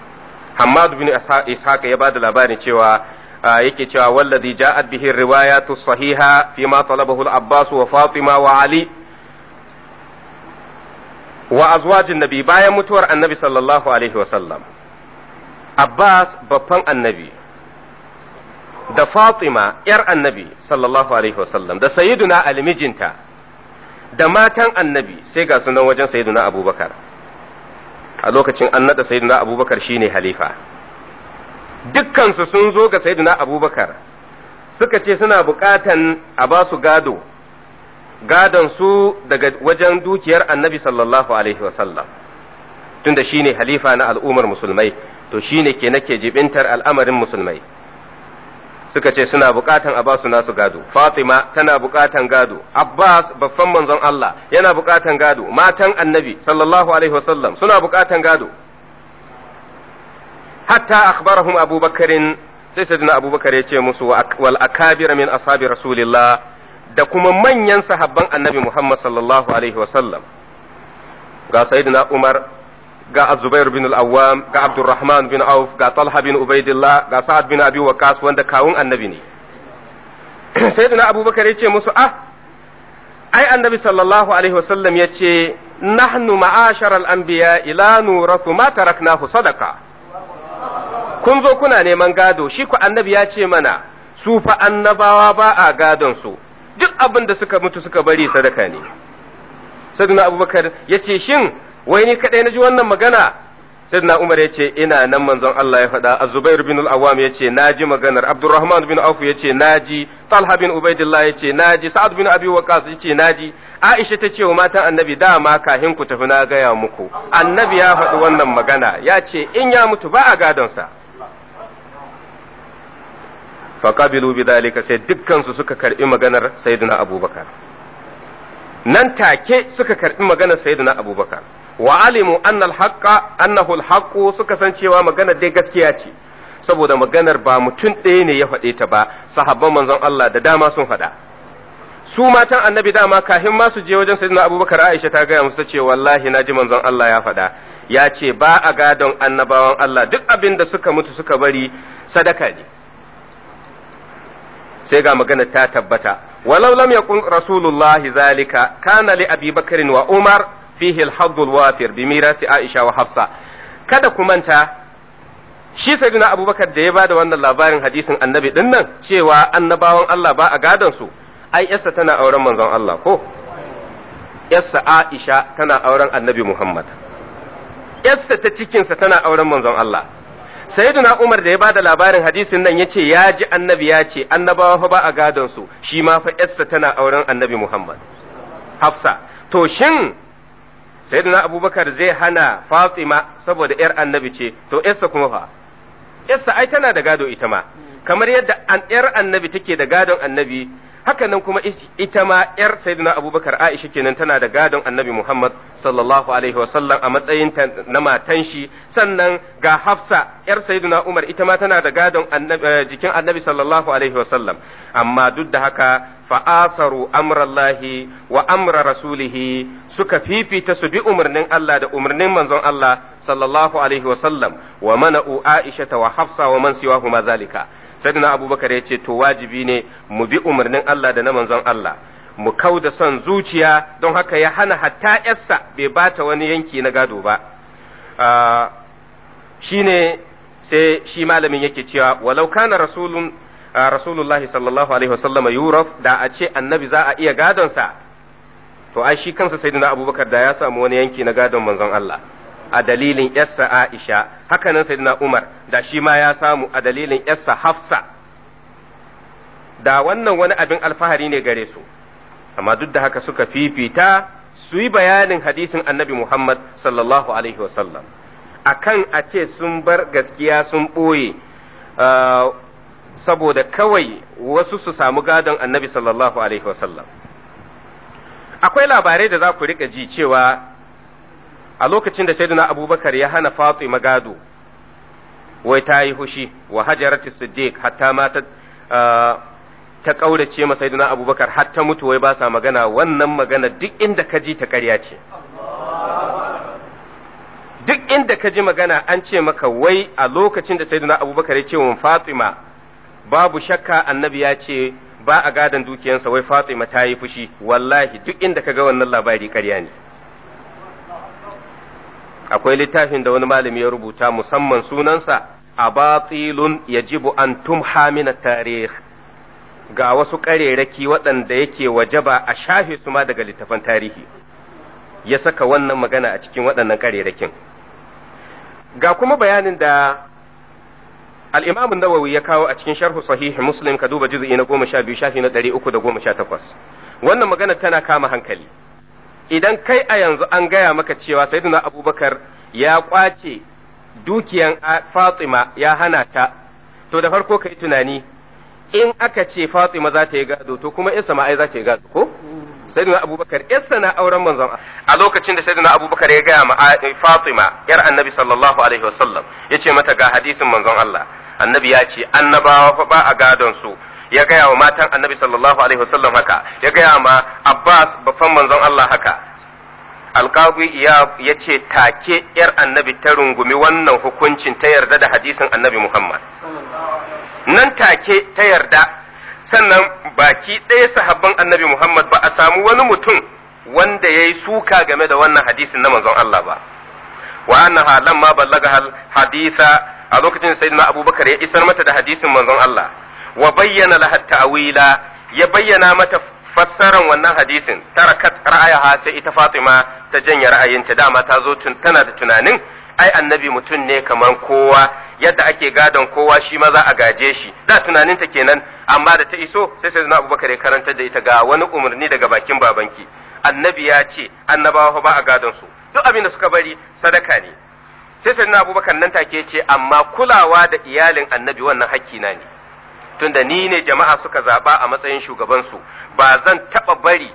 Hamad bin Ishaq ya bada labarin cewa yake cewa wallazi ja'at bihi riwayatu sahiha fi ma talabahu al-Abbas wa Fatima wa Ali wa azwajin nabi bayan mutuwar annabi sallallahu alaihi wasallam Abbas babban annabi da Fatima ‘yar annabi sallallahu alaihi wasallam da Sayyiduna Ali da matan annabi sai ga sunan wajen Sayyiduna Abubakar a lokacin an naɗa Sayyiduna Abubakar shine halifa dukkansu sun zo ga Sayyiduna Abubakar suka ce suna buƙatan a ba su gado gadon su daga wajen dukiyar annabi sallallahu alaihi wasallam tunda shine halifa na al'ummar musulmai to shine ke nake jibintar al'amarin musulmai suka ce suna bukatan a basu nasu gado Fatima tana bukatan gado Abbas babban manzon Allah yana bukatan gado matan annabi sallallahu alaihi wasallam suna bukatan gado hatta akhbarahum abubakarin sai sayyidina abubakar ya ce musu wal akabira min ashabi rasulillah da kuma manyan sahabban annabi Muhammad sallallahu alaihi wasallam ga sayyidina Umar ga Zubair bin al-Awwam ga Abdurrahman bin Auf ga Talha bin Ubaidillah ga Sa'ad bin Abi Waqqas wanda kawun annabi ne sayyidina Abubakar yace musu ah ai annabi sallallahu alaihi wasallam yace nahnu ma'asharal anbiya ila nurathu ma taraknahu sadaqa kun zo kuna neman gado shi ku annabi ya ce mana su fa annabawa ba a gadon su duk abin da suka mutu suka bari sadaka ne saduna abubakar ya ce shin wai ni kaɗai na ji wannan magana saduna umar ya ce ina nan manzon Allah ya faɗa azubair bin al ya ce naji maganar abdurrahman bin auf ya ce naji talha bin ubaidillah ya ce naji sa'ad bin abi waqas ya ce naji aisha ta ce wa matan annabi dama kahin ku tafi na gaya muku annabi ya faɗi wannan magana ya ce in ya mutu ba a gadonsa faqabilu bi bidhalika sai dukkan su suka karbi maganar sayyidina abubakar nan take suka karbi maganar sayyidina abubakar wa alimu anna al annahu al suka san cewa maganar dai gaskiya ce saboda maganar ba mutum ɗaya ne ya faɗe ta ba sahabban manzon Allah da dama sun faɗa su matan annabi dama kafin ma su je wajen sayyidina abubakar aisha ta gaya musu ta ce wallahi naji manzon Allah ya faɗa ya ce ba a gadon annabawan Allah duk abin da suka mutu suka bari sadaka ne sai ga magana ta tabbata walau lam yakun rasulullah zalika kana li abi bakr wa umar fihi al-hadd al-wafir bi mirasi aisha wa hafsa kada ku manta shi sayyidina abubakar da ya bada wannan labarin hadisin annabi din nan cewa annabawan Allah ba a gadon su ai yassa tana auren manzon Allah ko yassa Aisha tana auren annabi Muhammad yassa ta cikinsa tana auren manzon Allah sayyiduna Umar da ya bada labarin hadisin nan yace ya ji annabi ya ce annabawa fa ba a gadon su shi ma fa yarsa tana auren annabi Muhammad Hafsa to shin sayyiduna Abubakar zai hana Fatima saboda yar annabi ce to yarsa kuma fa yarsa ai tana da gado ita ma kamar yadda an yar annabi take da gadon annabi Hakanan kuma ita ma ‘yar Sayyidina Abubakar Aisha kenan tana da gadon annabi Muhammad sallallahu Alaihi sallam a matsayin na matan shi, sannan ga Hafsa ‘yar Sayyidina Umar Itama tana da gadon eh, jikin annabi sallallahu Alaihi sallam amma duk da haka fa'asaru Amralahi wa amra rasulihi suka fifita su bi umarnin Allah da umarnin manzon Allah sallallahu Alaihi sallam wa mana'u Aisha ta wa Hafsa wa man siwa zalika. sayyidina abubakar ya ce to wajibi ne mu bi umarnin Allah da na manzon Allah mu kau da son zuciya don haka ya hana hatta yarsa bai bata wani yanki na gado ba ah, shi ne sai shi malamin yake cewa walau kana rasulun ah, rasulullah sallallahu alaihi wasallam yuraf da a ce annabi za a iya gadonsa to ai shi kansa sayyidina abubakar da ya samu wani yanki na gadon manzon Allah a dalilin yassa Aisha hakanan sayyidina Umar da shi ma ya samu a dalilin yassa Hafsa da wannan wani abin alfahari ne gare su amma duk da haka suka fifita su yi bayanin hadisin annabi Muhammad sallallahu alaihi wasallam akan a ce sun bar gaskiya sun ɓoye uh, saboda kawai wasu su samu gadon annabi sallallahu alaihi wasallam akwai labarai da za ku riƙa ji cewa a lokacin da sayyidina abubakar ya hana fatima gado wai ta yi hushi wa Hajaratu siddiq hatta ma ta ta kaurace ma sayyidina abubakar har mutu wai ba sa magana wannan magana duk inda ka ji ta ƙarya ce duk inda ka ji magana an ce maka wai a lokacin da sayyidina abubakar ya ce wa fatima babu shakka annabi ya ce ba a gadon dukiyansa wai fatima ta yi fushi wallahi duk inda ka ga wannan labari ƙarya ne akwai littafin da wani malami ya rubuta musamman sunansa abatilun yajibu an tumha min tarikh ga wasu ƙarerraki waɗanda yake wajaba a shafe su ma daga littafan tarihi ya saka wannan magana a cikin waɗannan ƙarerrakin ga kuma bayanin da al-Imam nawawi ya kawo a cikin sharhu sahih Muslim ka duba juz'i na 12 shafi na 318 wannan magana tana kama hankali idan kai a yanzu an gaya maka cewa sayyidina abubakar ya kwace dukiyan fatima ya hana ta to da farko kai tunani in aka ce fatima za ta yi gado to kuma isa ma ai za ta yi gado ko sayyidina abubakar isa na auren manzon a lokacin da sayyidina abubakar ya gaya ma fatima yar annabi sallallahu alaihi wasallam yace mata ga hadisin manzon Allah annabi ya ce annabawa fa ba a gadon su ya gaya wa matan annabi sallallahu alaihi wasallam haka ya gaya ma abbas bafan manzon allah haka alkawi ya ce take yar annabi ta rungumi wannan hukuncin ta yarda da hadisin annabi muhammad nan take ta yarda sannan baki ɗaya sahabban annabi muhammad ba a samu wani mutum wanda ya yi suka game da wannan hadisin na manzon allah ba wa halan ma ballaga haditha a lokacin sayyidina abubakar ya isar mata da hadisin manzon allah wa bayyana laha ta'wila ya bayyana mata fassaran wannan hadisin tarakat ra'ayaha sai ita Fatima ta janye ra'ayinta dama ta zo tana da tunanin ai annabi mutum ne kamar kowa yadda ake gadon kowa shi ma za a gaje shi da tunanin ta kenan amma da ta iso sai sai na abubakar ya karanta da ita ga wani umarni daga bakin babanki annabi ya ce annabawa ba a gadon su duk abin da suka bari sadaka ne sai sai na abubakar nan take ce amma kulawa da iyalin annabi wannan hakki na ne tunda ni ne jama'a suka zaɓa a matsayin shugabansu ba zan taɓa bari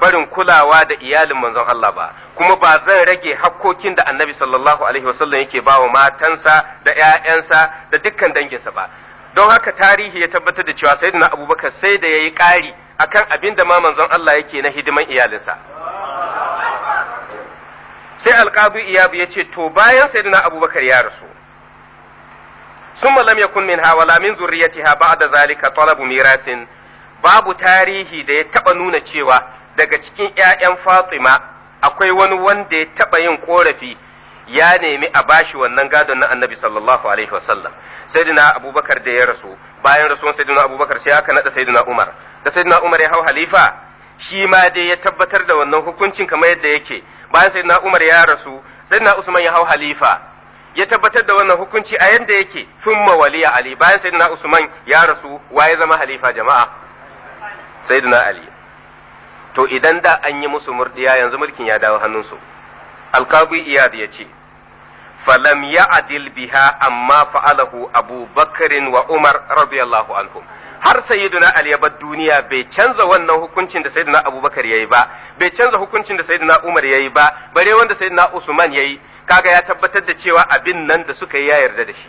barin kulawa da iyalin manzon Allah ba kuma ba zan rage hakkokin da annabi sallallahu alaihi wasallam yake bawa matansa da 'ya'yansa da dukkan danginsa ba don haka tarihi ya tabbatar da cewa sayyidina abubakar sai da yayi ƙari akan abin da ma manzon Allah yake na hidiman iyalinsa sai alqabi iyabu ya ce to bayan sayyidina abubakar ya rasu ثم لم يكن منها ولا من ذريتها بعد ذلك طلب ميراث babu tarihi da ya taɓa nuna cewa daga cikin ‘ya'yan Fatima akwai wani wanda ya taɓa yin ƙorafi ya nemi a bashi wannan gadon na annabi sallallahu alaihi wasallam sai dina abubakar da ya rasu bayan rasuwan sai abubakar sai aka naɗa sai umar da sai umar ya hau halifa shi ma dai ya tabbatar da wannan hukuncin kamar yadda yake bayan sai umar ya rasu sai usman ya hau halifa ya tabbatar da wannan hukunci a yanda yake summa waliya ali bayan sayyidina usman ya rasu wa ya zama halifa jama'a sayyidina ali to idan da an yi musu murdiya yanzu mulkin ya dawo hannunsu alqabi iyad ya ce falam ya'dil biha amma fa'alahu abu Bakr wa umar radiyallahu anhum har sayyidina Ali ya bar duniya bai canza wannan hukuncin da Abu Abubakar yayi ba bai canza hukuncin da sayyidina Umar yayi ba bare wanda sayyidina Usman yayi kaga ya tabbatar da cewa abin nan da suka yi ya yarda da shi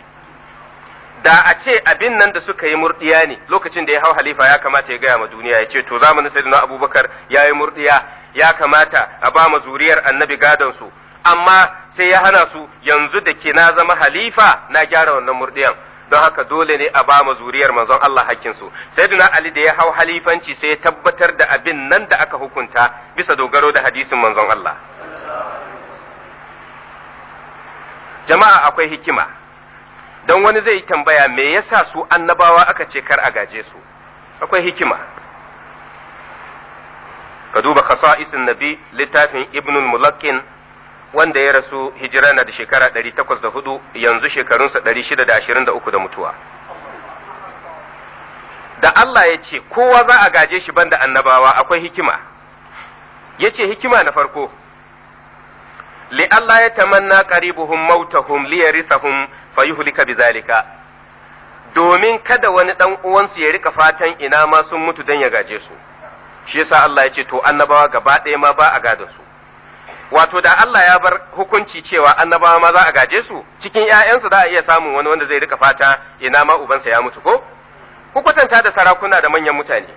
da a ce abin nan da suka yi murdiya ne lokacin da ya hau halifa ya kamata ya gaya ma duniya ya ce to zamanin sayyidina abubakar ya yi murdiya ya kamata a ba ma zuriyar annabi gadon su amma sai ya hana su yanzu da ke na zama halifa na gyara wannan murdiyan don haka dole ne a ba ma zuriyar manzon Allah hakkin su sayyidina ali da ya hau halifanci sai ya tabbatar da abin nan da aka hukunta bisa dogaro da hadisin manzon Allah jama'a akwai hikima don wani zai yi tambaya me yasa su annabawa aka ce kar a gaje su akwai hikima ka duba kasa'isin nabi littafin ibnul Mulakin, wanda ya rasu hijira na da shekara 804 yanzu shekarunsa 623 da mutuwa da Allah ya ce kowa za a gaje shi banda annabawa akwai hikima ya ce hikima na farko li Allah ya tamanna qaribuhum mautahum li yarithahum fayuhlika bizalika domin kada wani dan uwansu ya rika fatan ina ma sun mutu dan ya gaje su shi yasa Allah ya ce to annabawa gaba ɗaya ma ba a gada su wato da Allah ya bar hukunci cewa annabawa ma za a gaje su cikin ƴaƴansu za a iya samun wani wanda zai rika fata ina ma ubansa ya mutu ko ku kusanta da sarakuna da manyan mutane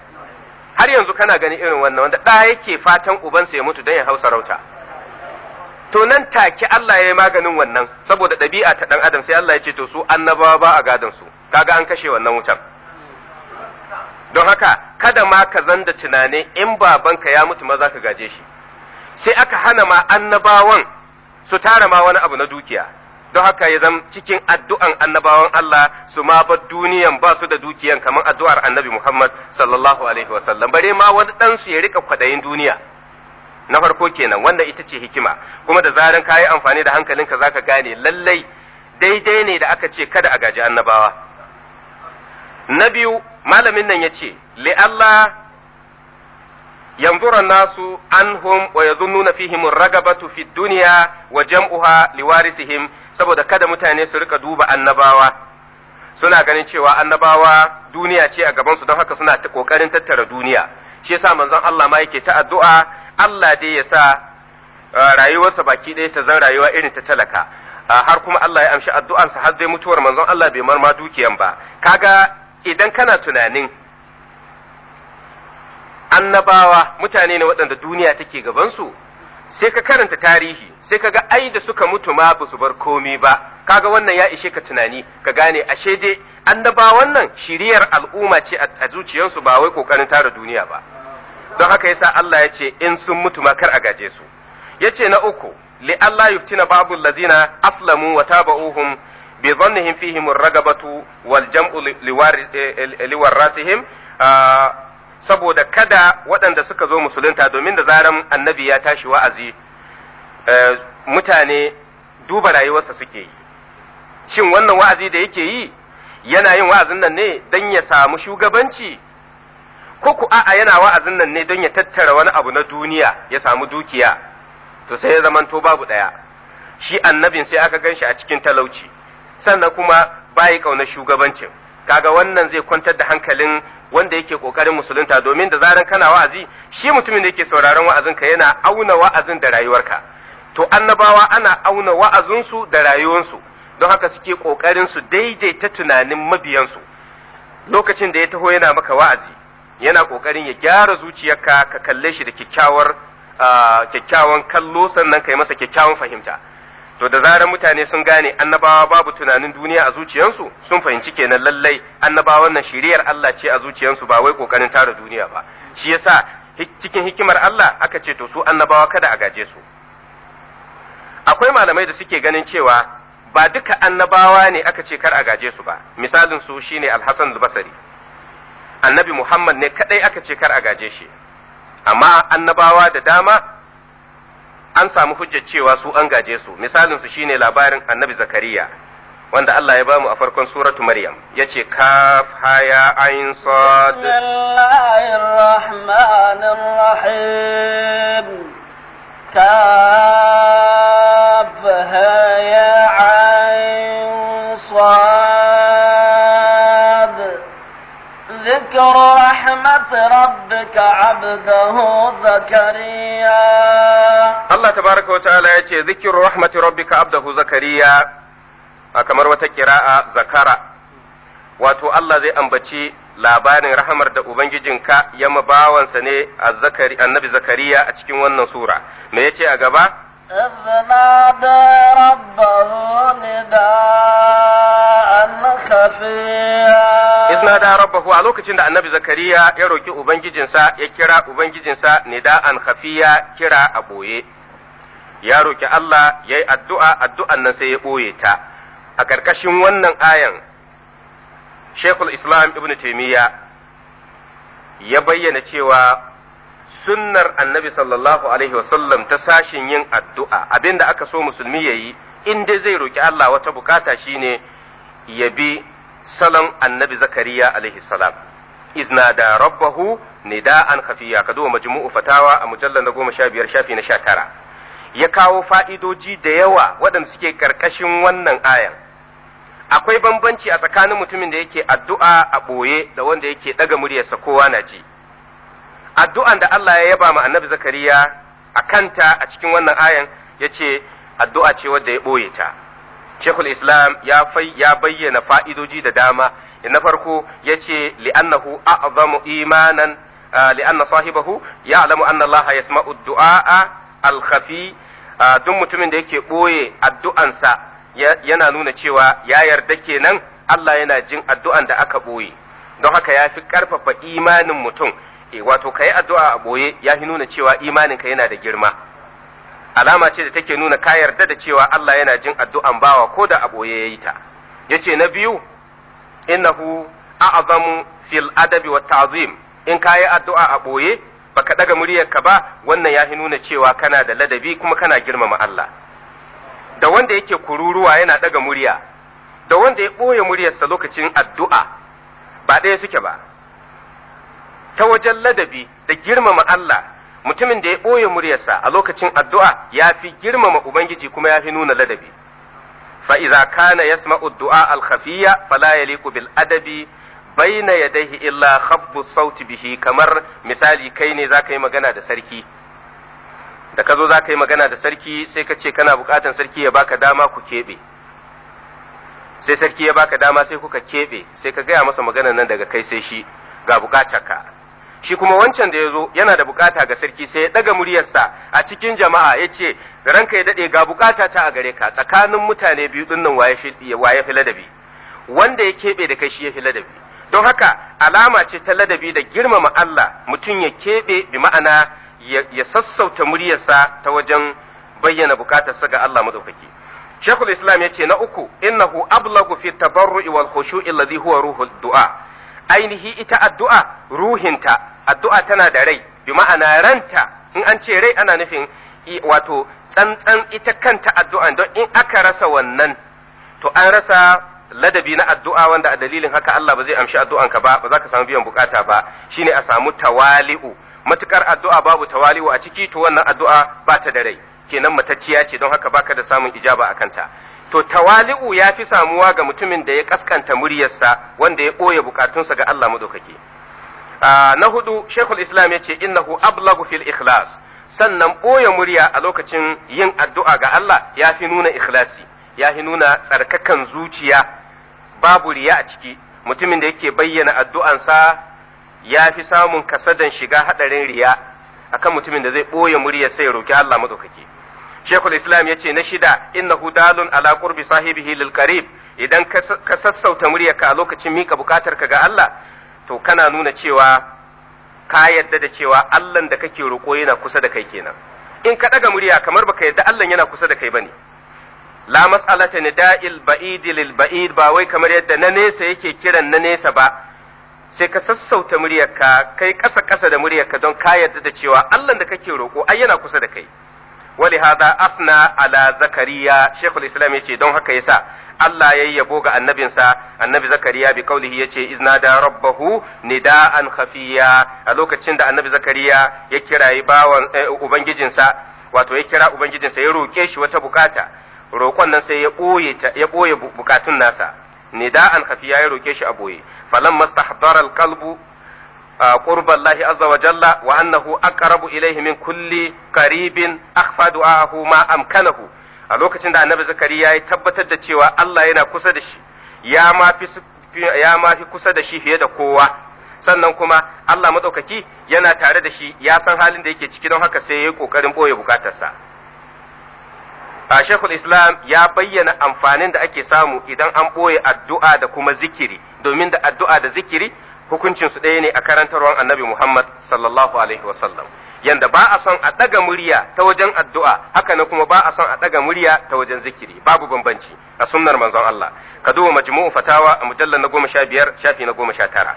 har yanzu kana ganin irin wannan wanda ɗaya yake fatan ubansa ya mutu don ya hau sarauta to nan take Allah ya yi maganin wannan saboda ɗabi'a ta ɗan adam sai Allah ya ce to su annabawa ba a gadon su kaga an kashe wannan wutan don haka kada ma ka zanda tunani in babanka ya mutu maza ka gaje shi sai aka hana ma annabawan su tara ma wani abu na dukiya don haka ya zama cikin addu'an annabawan Allah su ma bar duniyan ba su da dukiyan kamar addu'ar annabi Muhammad sallallahu alaihi wasallam bare ma wani ɗansu ya rika kwadayin duniya na farko kenan wanda ita ce hikima kuma da zaran ka yi amfani da hankalinka zaka gane lallai daidai ne da aka ce kada a gaji annabawa na biyu malamin nan ya ce li'alla yanzura nasu anhum wa yadhunnuna fihim ragabatu fi dunya wa jam'uha liwarisihim saboda kada mutane su rika duba annabawa suna ganin cewa annabawa duniya ce a gabansu don haka suna kokarin tattara duniya shi yasa manzon Allah ma yake ta addu'a Allah dai ya sa uh, rayuwarsa baki ɗaya ta zan rayuwa irin ta talaka uh, har kuma Allah ya amshi addu'ansa har dai mutuwar manzon Allah bai marma dukiyan ba kaga idan kana tunanin annabawa mutane ne waɗanda duniya take gabansu sai ka karanta tarihi sai ka ga ai da suka mutu ma ba su bar komi ba kaga wannan ya ishe ka tunani ka gane ashe dai annabawan nan shiriyar al'umma ce a zuciyarsu ba wai kokarin tara duniya ba don haka yasa Allah ya ce in sun mutu ma kar a gaje su yace na uku li Allah yuftina babu lazina aslamu wa taba'uhum bi dhannihim fihim ar-ragabatu wal jam'u liwarasihim eh, eh, ah, saboda kada waɗanda suka zo musulunta domin da zaran annabi ya tashi wa'azi eh, mutane duba rayuwarsa suke yi shin wannan wa'azi da yake yi yana yin wa'azin nan ne don ya samu shugabanci ko ku a'a yana wa'azin nan ne don ya tattara wani abu na duniya ya samu dukiya to sai ya zamanto babu ɗaya shi annabin sai aka gan shi a cikin talauci sannan kuma bayi kauna shugabancin kaga wannan zai kwantar da hankalin wanda yake kokarin musulunta domin da zaran kana wa'azi shi mutumin da yake sauraron wa'azinka yana auna wa'azin da rayuwarka to annabawa ana auna wa'azinsu da rayuwarsu don haka suke kokarin su daidaita tunanin mabiyansu lokacin da ya taho yana maka wa'azi yana kokarin ya gyara zuciyarka ka kalle shi da kyakkyawar kyakkyawan kallo sannan kai masa kyakkyawan fahimta to da zarar mutane sun gane annabawa babu tunanin duniya a zuciyansu sun fahimci kenan lallai annabawa nan shiriyar Allah ce a zuciyansu ba wai kokarin tara duniya ba shi yasa cikin hikimar Allah aka ce to su annabawa kada a gaje su akwai malamai da suke ganin cewa ba duka annabawa ne aka ce kar a gaje su ba misalin su shine Al-Hasan Al-Basri annabi Muhammad ne kadai aka ce kar a gaje shi amma annabawa da dama an samu hujjar cewa su an gaje su misalinsu shi shine labarin annabi Zakariya wanda Allah ya bamu a farkon suratu Maryam yace kaf haya ayn kaf haya ayn ذكر رحمة ربك عبده زكريا الله تبارك وتعالى يتي ذكر رحمة ربك عبده زكريا kamar wata kira'a zakara wato Allah zai ambaci labarin rahamar da Ubangijinka ya bawansa ne annabi zakariya a cikin wannan sura me yace a gaba إذ نادى ربه نداء خفيا إذ نادى ربه على لوكتين النبي زكريا يروكي أبنجيجنسا يكرا أبنجيجنسا نداء خفيا كرا أبوي ya roki Allah ya yi addu'a, addu'an nan sai ya ɓoye ta, a ƙarƙashin wannan ayan, Shekul Islam Ibn Taimiyya ya bayyana cewa sunnar annabi sallallahu alaihi wasallam ta sashin yin addu'a abinda aka so musulmi ya yi in dai zai roki Allah wata bukata shine ya bi salon annabi zakariya alaihi salam izna da rabbahu nida'an khafiya ka duba majmu'u fatawa a mujallar na goma sha biyar shafi na sha tara ya kawo fa'idoji da yawa waɗanda suke karkashin wannan ayan akwai bambanci a tsakanin mutumin da yake addu'a a ɓoye da wanda yake ɗaga muryarsa kowa na ji addu'an da Allah ya yaba ma annabi zakariya a kanta a cikin wannan ayan ya ce addu'a ce wadda ya ɓoye ta shekul islam ya bayyana fa'idoji da dama na farko ya ce li'annahu a'zamu imanan li'anna sahibahu ya alamu anna Allah ya sama du'a alkhafi duk mutumin da yake ɓoye addu'ansa yana nuna cewa ya yarda kenan Allah yana jin addu'an da aka ɓoye don haka ya fi ƙarfafa imanin mutum e wato yi addu'a a boye ya fi nuna cewa imaninka yana da girma alama ce da take nuna ka yarda da cewa Allah yana jin addu'an bawa ko da a boye yayi ta yace na biyu innahu a'zamu fil adabi wat ta'zim in ka yi addu'a a boye baka daga muryarka ba wannan ya fi nuna cewa kana da ladabi kuma kana girmama Allah da wanda yake kururuwa yana daga murya da wanda ya ɓoye muryarsa lokacin addu'a ba ɗaya suke ba ta wajen ladabi da girmama Allah mutumin da ya ɓoye muryarsa a lokacin addu'a ya fi girmama Ubangiji kuma ya fi nuna ladabi. Fa'iza kana ya sama addu'a alkhafiya fala ya liku bil adabi baina ya dahi illa habbu sauti bihi kamar misali kai ne za ka yi magana da sarki. Da ka zo za ka yi magana da sarki sai ka ce kana bukatan sarki ya baka dama ku keɓe. Sai sarki ya baka dama sai kuka keɓe sai ka gaya masa magana nan daga kai sai shi ga ka. shi kuma wancan da ya zo yana da bukata ga sarki sai ya ɗaga muryarsa a cikin jama'a ya ce ranka ya daɗe ga bukata ta a gare ka tsakanin mutane biyu ɗin nan waye fi ladabi wanda ya keɓe da kai shi ya fi ladabi don haka alama ce ta ladabi da girmama Allah mutum ya keɓe bi ma'ana ya sassauta muryarsa ta wajen bayyana bukatarsa ga Allah madaukaki Shekul Islam ya ce na uku innahu ablagu fi tabarru'i wal khushu'i alladhi huwa ruhul du'a ainihi ita addu'a ruhinta addu'a tana da rai bi ma'ana ranta in an ce rai ana nufin wato tsantsan ita kanta addu'a don in aka rasa wannan to an rasa ladabi na addu'a wanda a dalilin haka Allah ba zai amshi addu'anka ba ba za ka samu biyan bukata ba shine a samu tawali'u matukar addu'a babu tawali'u a ciki to wannan addu'a ba ta da rai kenan matacciya ce don haka baka da samun ijaba a kanta to tawali'u ya fi samuwa ga mutumin da ya kaskanta muryarsa wanda ya ɓoye bukatunsa ga Allah madaukake na hudu shekul islam ya ce innahu ablagu fil ikhlas sannan ɓoye murya a lokacin yin addu'a ga Allah ya fi nuna ikhlasi ya fi nuna tsarkakan zuciya babu riya a ciki mutumin da yake bayyana addu'ansa ya fi samun kasadan shiga haɗarin riya akan mutumin da zai ɓoye murya sai roki Allah maɗaukaki shekul islam ya ce na shida in na ala qurbi sahibihi lil qarib idan ka sassauta muryarka a lokacin mika bukatar ka ga Allah to kana nuna cewa ka yadda da cewa Allah da kake roƙo yana kusa da kai kenan in ka daga murya kamar baka yadda Allah yana kusa da kai bane la mas'alata nida'il ba'id lil ba'id ba wai kamar yadda na nesa yake kiran na nesa ba sai ka sassauta muryarka kai ƙasa ƙasa da muryarka don ka yarda da cewa Allah da kake roƙo ai yana kusa da kai wali hada asna ala zakariya shekul islam yace don haka yasa Allah ya yabo ga annabinsa annabi zakariya bi kaulihi yace iznada da nida'an khafiya a lokacin da annabi zakariya ya kirayi bawan ubangijinsa wato ya kira ubangijinsa ya roke shi wata bukata roƙon nan sai ya ɓoye ya ɓoye bukatun nasa nida'an khafiya ya roke shi a boye falamma stahdara alqalbu قرب الله wa jalla wa annahu aqrabu من كل kulli karibin akhfa ما ma amkanahu a lokacin da annabi zakariya ya tabbatar da cewa Allah yana kusa da shi ya ma fi kusa da shi fiye da kowa sannan kuma Allah madaukaki yana tare da shi ya san halin da yake ciki don haka sai ya yi kokarin boye bukatarsa a shekul islam ya bayyana amfanin da ake samu idan an ɓoye addu'a da kuma zikiri domin da addu'a da zikiri hukuncin su ɗaya ne a karantarwar annabi Muhammad sallallahu alaihi wasallam yanda ba a son a ɗaga murya ta wajen addu'a haka na kuma ba a son a ɗaga murya ta wajen zikiri babu bambanci a sunnar manzon Allah ka duba majmu'u fatawa a mujallar na goma sha biyar shafi na goma sha tara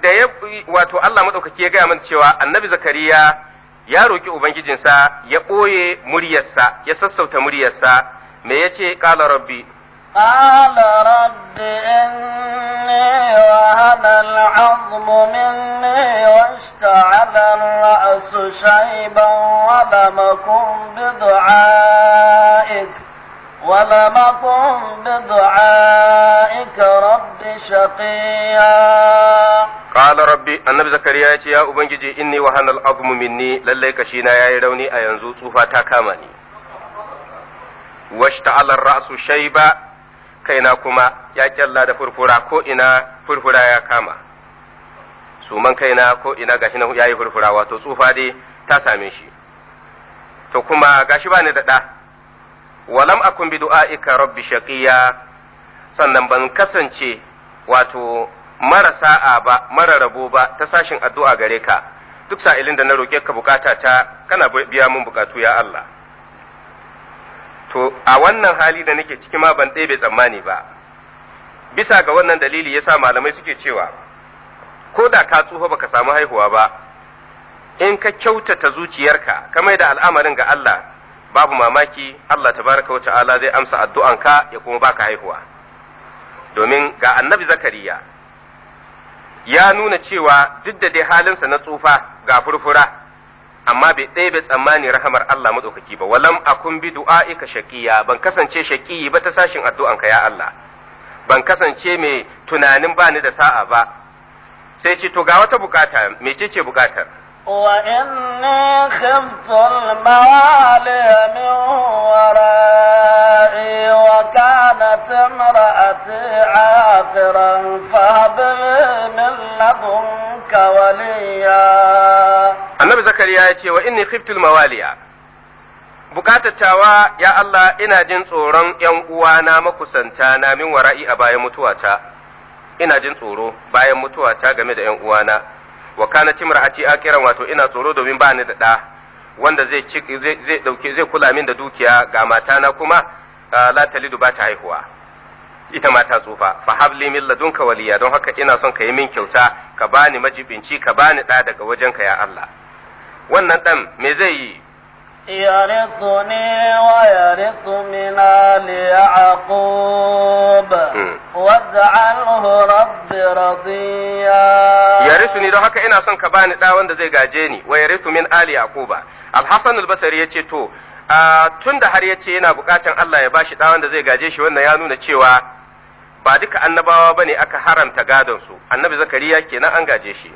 da ya wato Allah maɗaukaki ya gaya mana cewa annabi zakariya ya roƙi ubangijinsa ya ɓoye muryarsa ya sassauta muryarsa me ya ce ƙala rabbi قال رب إني وهن العظم مني واشتعل الرأس شيبا ولم أكن بدعائك ولم أكن بدعائك رب شقيا قال ربي النبي زكريا يا أبنجي إني وهن العظم مني للي كشينا يا يروني أينزو صوفا تاكامني واشتعل الرأس شيبا kaina kuma ya kyalla da furfura ko ina furfura ya kama suman kaina ko ina gashi na yayi furfura wato tsufa dai ta same shi to kuma gashi bani da da walam akun bi du'aika rabbi shaqiya sannan ban kasance wato mara sa'a ba mara rabo ba ta sashin addu'a gare ka duk sa'ilin da na roke ka bukata ta kana biya mun bukatu ya Allah to a wannan hali da nake ciki ma ban ɗebe tsammani ba bisa ga wannan dalili yasa malamai suke cewa ko da ka tsufa baka samu haihuwa ba in ka kyautata zuciyarka ka mai da al'amarin ga Allah babu mamaki Allah Ta tabaraka Allah zai amsa addu'anka ya kuma baka haihuwa domin ga annabi zakariya ya nuna cewa duk da dai halinsa na tsufa ga furfura amma bai ɗaya bai tsammani rahamar Allah maɗaukaki ba walam akun bi du'a'ika shaqiya ban kasance shaqiyi ba ta sashin addu'anka ya Allah ban kasance mai tunanin bani da sa'a ba sai ce to ga wata bukata ce bukatar وإني خفت الموالي من ورائي وكانت امرأتي عاقرا فهب من لدنك وليا النبي زكريا يتي وإني خفت الموالي bukatattawa ya Allah ina jin tsoron ‘yan uwana makusanta na min wara'i a bayan mutuwata, ina jin tsoro bayan mutuwata game da ‘yan uwana. wa kana ci akiran wato ina tsoro domin ba ni da ɗa wanda zai zai dauke zai kula min da dukiya ga matana kuma la talidu ba ta haihuwa ita mata tsufa fa habli min ladunka waliya don haka ina son ka yi min kyauta ka bani majibinci ka bani ɗa daga wajenka ya Allah wannan dan me zai yi يرثني ويرث من آل يعقوب واجعله رب رضيا يرثني don haka ina son ka bani da zai gaje ni wa yarithu min ali yaquba al-hasan yace to tunda har yace yana bukatan Allah ya bashi da wanda zai gaje shi wannan ya nuna cewa ba duka annabawa bane aka haramta gadon su annabi zakariya kenan an gaje shi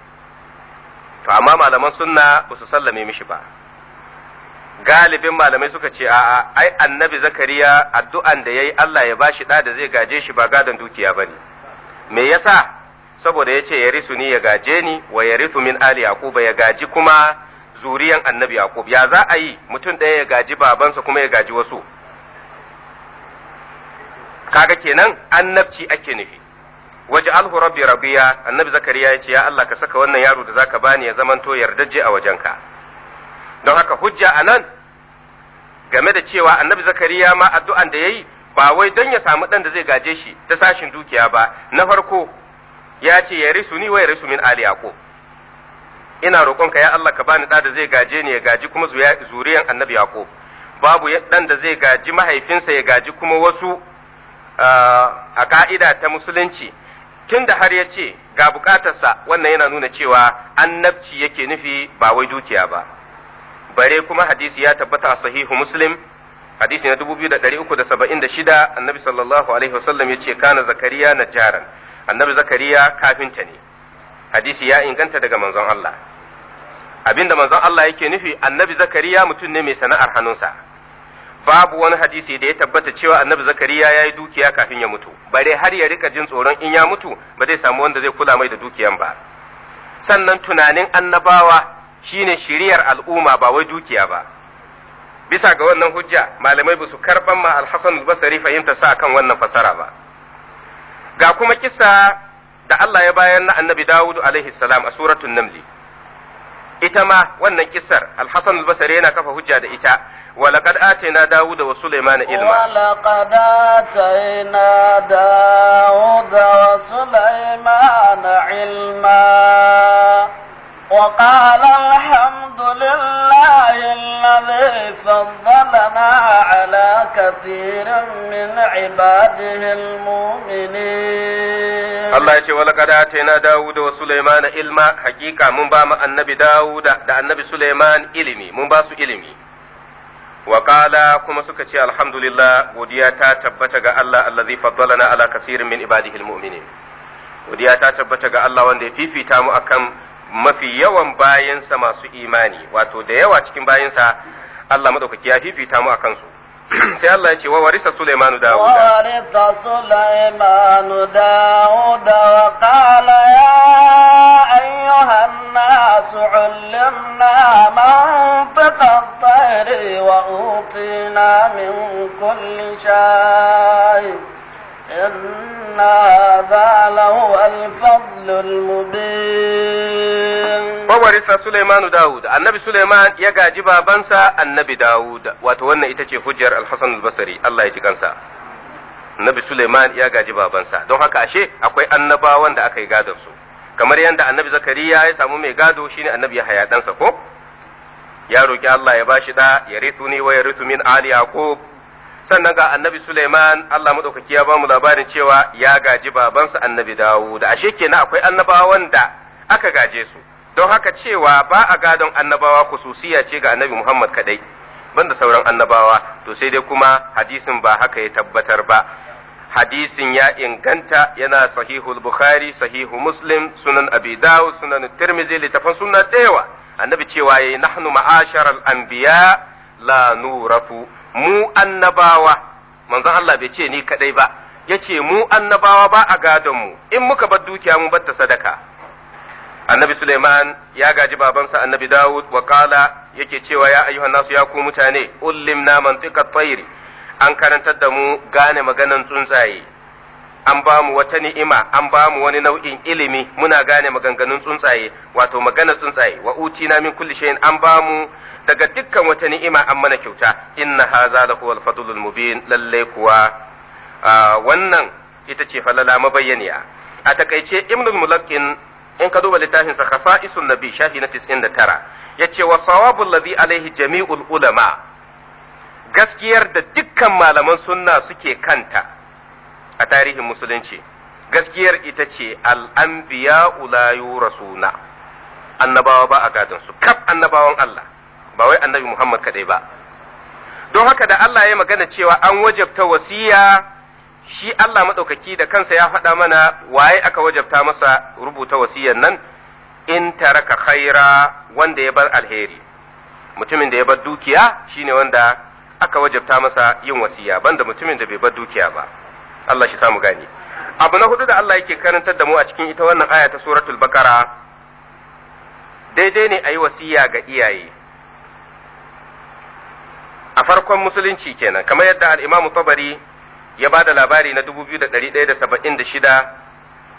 to amma malaman sunna ba su sallame mishi ba galibin malamai suka ce a'a ai annabi zakariya addu'an da yayi Allah ya bashi da da zai gaje shi ba gadon dukiya bane me yasa saboda yace ya risu ni ya gaje ni wa ya risu min ali yaquba ya gaji kuma zuriyan annabi yaqub ya za a yi mutum ɗaya ya gaji babansa kuma ya gaji wasu kaga kenan annabci ake nufi waje alhu rabbi rabiya annabi zakariya ya ce ya Allah ka saka wannan yaro da zaka bani ya zamanto yardaje a wajenka don haka hujja a nan game da cewa annabi zakariya ma addu'an da ya yi ba wai don ya samu ɗan da zai gaje shi ta sashin dukiya ba na farko ya ce ya risu ni wa ya risu min ali ko? ina roƙonka ya Allah ka bani ɗa da zai gaje ni ya gaji kuma zuriyan annabi ko? babu ɗan da zai gaji mahaifinsa ya gaji kuma wasu a ka'ida ta musulunci tun da har ya ce ga bukatarsa wannan yana nuna cewa annabci yake nufi ba wai dukiya ba bare kuma hadisi ya tabbata a sahihu muslim hadisi na 2376 annabi sallallahu alaihi wasallam yace kana zakariya na jaran? annabi zakariya kafinta ne hadisi ya inganta daga manzon Allah abinda manzon Allah yake nufi annabi zakariya mutum ne mai sana'ar hannunsa babu wani hadisi da ya tabbata cewa annabi zakariya ya yi dukiya kafin ya mutu bare har ya rika jin tsoron in ya mutu ba zai samu wanda zai kula mai da dukiyan ba sannan tunanin annabawa shine shiriyar al'umma ba wai dukiya ba bisa ga wannan hujja malamai ba su karɓan ma Alhassan hasan fahimta sa kan wannan fasara ba ga kuma kisa da Allah ya bayar na Annabi Dawudu alaihi salam a suratun namli ita ma wannan kisar Alhassan hasan yana kafa hujja da ita ولقد آتينا ilma. وسليمان علما ولقد آتينا داود وسليمان ilma. وقال الحمد لله الذي فضلنا على كثير من عباده المؤمنين الله يتي ولقد آتينا داود وسليمان علما حقيقة من بام النبي داود دا النبي سليمان علمي من باسو علمي وقال كما سكتي الحمد لله وديتا تبتغى الله الذي فضلنا على كثير من عباده المؤمنين godiya ta tabbata ga Allah wanda ya fifita mu akan mafi yawan bayansa masu imani wato da yawa cikin bayansa Allah madaukaki ya fifita mu akan su sai Allah ya ce wa warisa Sulaimanu Dawuda warisa Sulaimanu Dawuda wa qala ya ayyuhan nas ulimna mantaqa wa utina min kulli shay' إن هذا لهو الفضل المبين وورث سليمان داود النبي سليمان يقع جبا بنسى النبي داود وتوانا إتشي فجر الحسن البصري الله يتقنسى Nabi Suleiman ya gaji babansa, don haka ashe akwai annabawan da aka yi gadon kamar yadda annabi Zakariya ya samu mai gado shi ne annabi Yahaya ɗansa ko? Ya roƙi Allah ya ba shi da ya ritu ni wa ya ritu min Ali Yaqub sannan ga annabi Suleiman Allah madaukaki ya bamu labarin cewa ya gaji babansa annabi da ashe kenan akwai annabawan da aka gaje su don haka cewa ba a gadon annabawa kususiya ce ga annabi Muhammad kadai banda sauran annabawa to sai dai kuma hadisin ba haka ya tabbatar ba hadisin ya inganta yana sahihul bukhari sahihu muslim sunan abi dawud sunan tirmizi littafan sunna da annabi cewa yayi nahnu ma'asharal anbiya la nurafu mu annabawa manzon Allah bai ce ni kadai ba yace mu annabawa ba a gadon mu in muka bar dukiya mu bar ta sadaka annabi Suleiman ya gaji babansa annabi Dawud wa kala yake cewa ya ayyuhan nasu ya ku mutane ullimna mantiqat tayri an karantar da mu gane maganan tsuntsaye an ba mu wata ni'ima an ba mu wani nau'in ilimi muna gane maganganun tsuntsaye wato magana tsuntsaye wa utina min kulli shay'in an ba mu daga dukkan wata ni'ima an mana kyauta inna hadha lahu al-fadlul mubin lalle kuwa wannan ita ce falala mabayyaniya a takaice ibnul mulaqqin in ka duba littafin sa khasa'isun nabi shafi na 99 yace wa sawabul ladhi alaihi jami'ul ulama gaskiyar da dukkan malaman sunna suke kanta a tarihin musulunci gaskiyar ita ce al'anbiya ulayu rasuna annabawa ba a gadon su kaf annabawan Allah ba wai annabi Muhammad kaɗai ba don haka da Allah ya magana cewa an wajabta wasiya shi Allah maɗaukaki da kansa ya faɗa mana waye aka wajabta masa rubuta wasiyan nan in taraka khaira wanda ya bar alheri mutumin da ya bar dukiya shine wanda aka wajabta masa yin wasiya banda mutumin da bai bar dukiya ba Allah shi samu gani abu na hudu da Allah yake karantar da mu a cikin ita wannan aya ta suratul bakara daidai ne a yi wasiya ga iyaye a farkon musulunci kenan kamar yadda al'imamu tabari ya ba da labari na 2176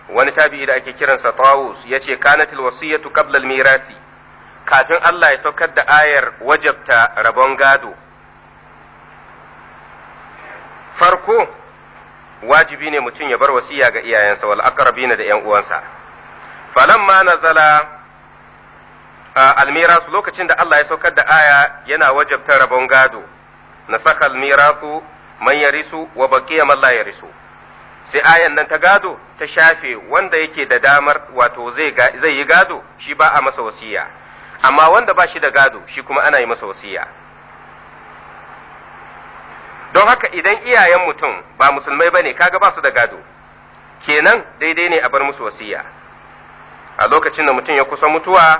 wani tabi'i da ake kiransa tawus ya ce kanatil wasiyatu kablal mirasi kafin Allah ya saukar da ayar wajabta rabon gado farko wajibi ne mutum ya bar wasiya ga iyayensa wal aqrabina da 'yan uwansa falamma nazala almirasu lokacin da Allah ya saukar da aya yana wajabta rabon gado na saka mirasu man yarisu wa baqiya man la yarisu sai ayan nan ta gado ta shafe wanda yake da damar wato zai zai yi gado shi ba a masa wasiya amma wanda ba shi da gado shi kuma ana yi masa wasiya don haka idan iyayen mutum ba musulmai bane kaga ba su da gado kenan daidai ne a bar musu wasiya a lokacin da mutum ya kusa mutuwa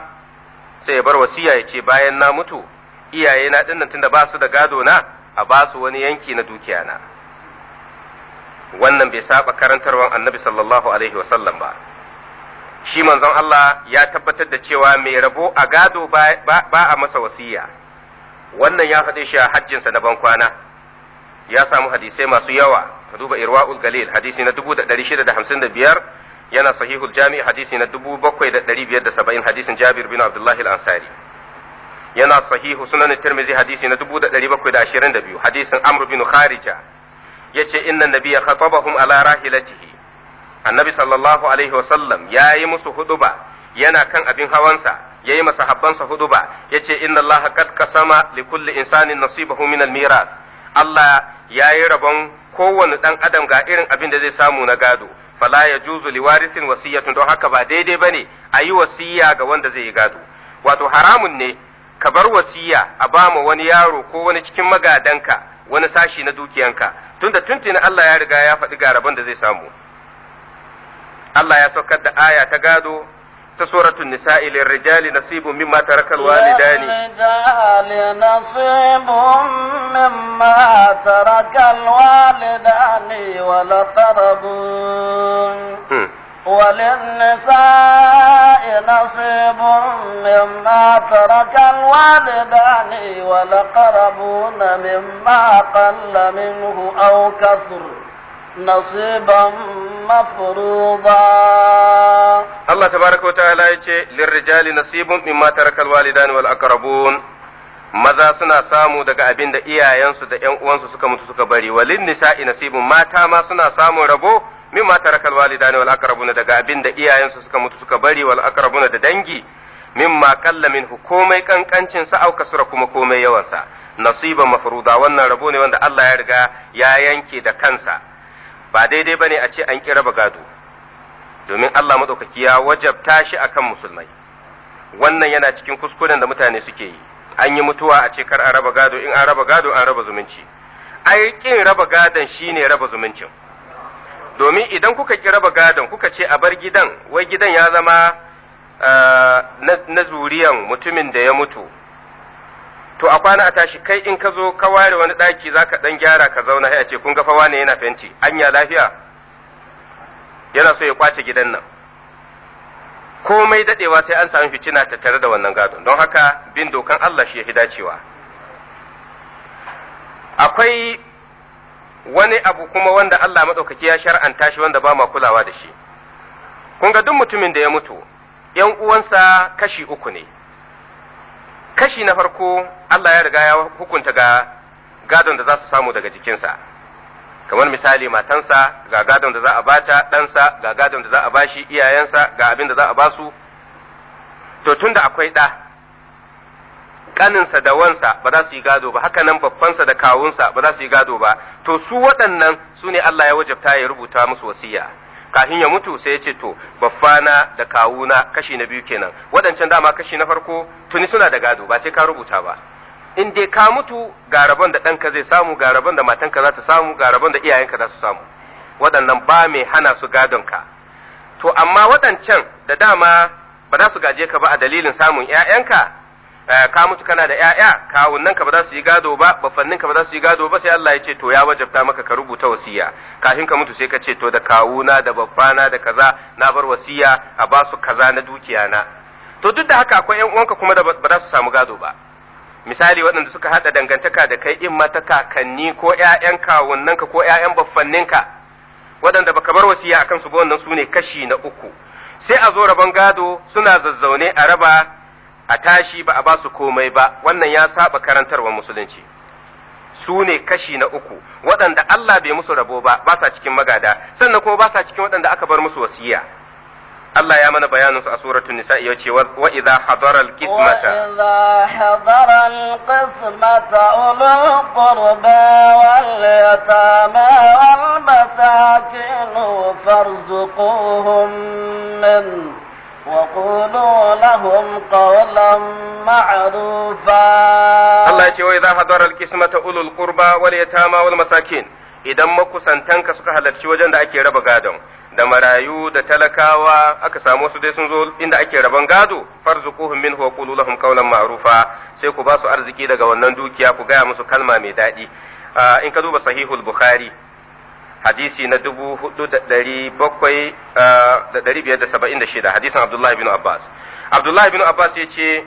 sai ya bar wasiya ya ce bayan na mutu iyaye na dinnan tunda ba su da gado na a ba su wani yanki na dukiya na wannan bai saba karantarwan annabi sallallahu alaihi wasallam ba shi manzon Allah ya tabbatar da cewa mai rabo a gado ba a masa wasiya wannan ya faɗe shi a hajjinsa na bankwana ya samu hadisai masu yawa ka duba irwa'ul galil hadisi na 655 yana sahihul jami hadisi na 7570 hadisin jabir bin abdullahi al-ansari yana sahihu sunan tirmizi hadisi na 1722 hadisin amr bin kharija yace inna nabiyya khatabahum ala rahilatihi annabi sallallahu alaihi wa wasallam yayi musu huduba yana kan abin hawansa yayi masahabbansa huduba yace inna allaha qad kasama likulli insanin nasibahu min al-mirath Allah ya yi rabon kowane ɗan adam ga irin abin da zai samu na gado fala ya juzu liwarisin wasiyatun don haka ba daidai ba ne a yi wasiyya ga wanda zai yi gado wato haramun ne ka bar wasiyya a ba ma wani yaro ko wani cikin magadanka wani sashi na dukiyanka tunda tuntuni Allah ya riga ya faɗi ga rabon da zai samu Allah ya saukar da aya ta gado ta suratul nisa'i lil rijali nasibun mimma taraka al walidani lil nasibun mimma taraka al walidani wa la tarabun وللنساء نصيب مما ترك الوالدان ولقربون مما قل منه أو كثر نصيبا مفروضا الله تبارك وتعالى يجي للرجال نصيب مما ترك الوالدان والأقربون maza suna samu daga abin da iyayensu da ƴan uwansu suka mutu suka bari walin nisa'i nasibun mata ma suna samun rabo min mimma tarakal walidani wal aqrabuna daga abin da iyayensu suka mutu suka bari wal aqrabuna da dangi min ma kalla min komai kankancin sa auka sura kuma komai yawansa nasiban mafruda wannan rabo ne wanda Allah ya riga ya yanke da kansa ba daidai ba ne a ce an kira gado domin Allah maɗaukaki ya wajabta shi a kan musulmai wannan yana cikin kuskuren da mutane suke yi an yi mutuwa a ce kar a raba gado in an raba gado an raba zumunci ai kin raba gadon shine raba zumuncin domin idan kuka ki raba gadon kuka ce a bar gidan wai gidan ya zama eh, na zuriyan mutumin da ya mutu to a kwana a tashi kai in ka zo ka ware wani ɗaki za ka ɗan gyara ka zauna sai ce kun ga fawa ne yana fenti anya lafiya yana so ya kwace gidan nan komai daɗewa sai an sami fitina ta tare da wannan gado. don haka bin dokan Allah shi ya fi dacewa akwai wani abu kuma wanda Allah maɗaukaki ya shar'anta shi wanda ba ma kulawa da shi kun ga duk mutumin da ya mutu ‘yan uwansa kashi uku ne kashi na farko Allah ya riga ya hukunta ga gadon da za su samu daga jikinsa kamar misali matansa ga gadon da za a bata ɗansa ga gadon da za a bashi iyayensa ga abin da za a basu to tun da akwai ɗa ƙaninsa da wansa ba za su yi gado ba haka nan babbansa da kawunsa ba za su yi gado ba to su waɗannan su ne Allah ya wajabta ya rubuta musu wasiya kafin ya mutu sai ya ce to baffana da kawuna kashi na biyu kenan waɗancan dama kashi na farko tuni suna da gado ba sai ka rubuta ba in dai ka mutu garaban da ɗanka zai samu ga da matanka za ta samu garaban da iyayenka za su samu waɗannan ba mai hana su gadon ka to amma waɗancan da dama ba za su gaje ka ba a dalilin samun ‘ya'yanka Eh, ka mutu kana da ‘ya'ya, kawunnan ka ba za su yi gado ba, bafannin ka ba za su yi gado ba sai Allah ya ce to ya wajabta maka ka rubuta wasiya, kafin ka mutu sai ka ce to da kawuna da babbana da kaza na bar wasiya a ba su kaza na dukiya na. To duk da haka akwai ‘yan uwanka kuma da ba za su samu gado ba. Misali waɗanda suka haɗa dangantaka da kai in mata kakanni ko ‘ya'yan kawunnan ka ko ‘ya'yan baffannin ka, waɗanda baka bar wasiya akan su ba wannan su ne kashi na uku. Sai a zo rabon gado suna zazzaune a raba a tashi ba a ba su komai ba wannan ya saba karantarwa musulunci su ne kashi na uku waɗanda Allah bai musu rabo ba ba sa cikin magada sannan kuma ba sa cikin waɗanda aka bar musu wasiya Allah ya mana bayanin su a suratul nisa ya ce wa idza hadara al qismata wa idza hadara al qismata ulul qurba wal وقولوا لهم قولا معروفا الله يتي وإذا حضر القسمة أولو القربى واليتامى والمساكين idan makusantanka suka halarci wajen da ake raba gadon da marayu da talakawa aka samu su dai sun zo inda ake raban gado farzuquhum minhu wa qulu lahum qawlan ma'rufa sai ku ba su arziki daga wannan dukiya ku gaya musu kalma mai daɗi in ka duba sahihul bukhari hadisi na dubu hudu da dari bakwai ah, da dari biyar da saba'in da shida hadisan abdullahi bin abbas abdullahi bin abbas ya ce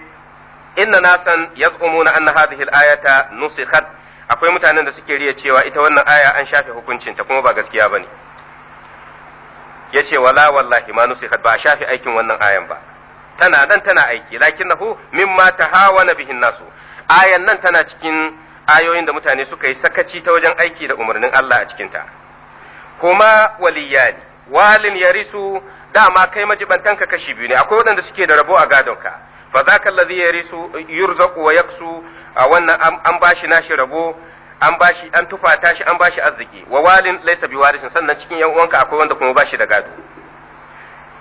inna nasan yaz'umuna anna hadhihi al-ayata nusikhat akwai mutanen da suke riya cewa ita wannan aya an shafe hukuncinta kuma ba gaskiya bane yace wala wallahi ma nusikhat ba a shafe aikin wannan ayan ba tana nan tana aiki lakinnahu mimma tahawana bihin nasu ayan nan tana cikin ayoyin da mutane suka yi sakaci ta wajen aiki da umarnin Allah a cikinta huma waliyani walin yarisu dama kai majibantanka kashi biyu ne akwai waɗanda suke da rabo a gadonka fa ka lazi yarisu yurzaqu wa yaksu a wannan an bashi nashi rabo an bashi an tufata shi an bashi arziki wa walin laysa warisin sannan cikin yan uwanka akwai wanda kuma bashi da gado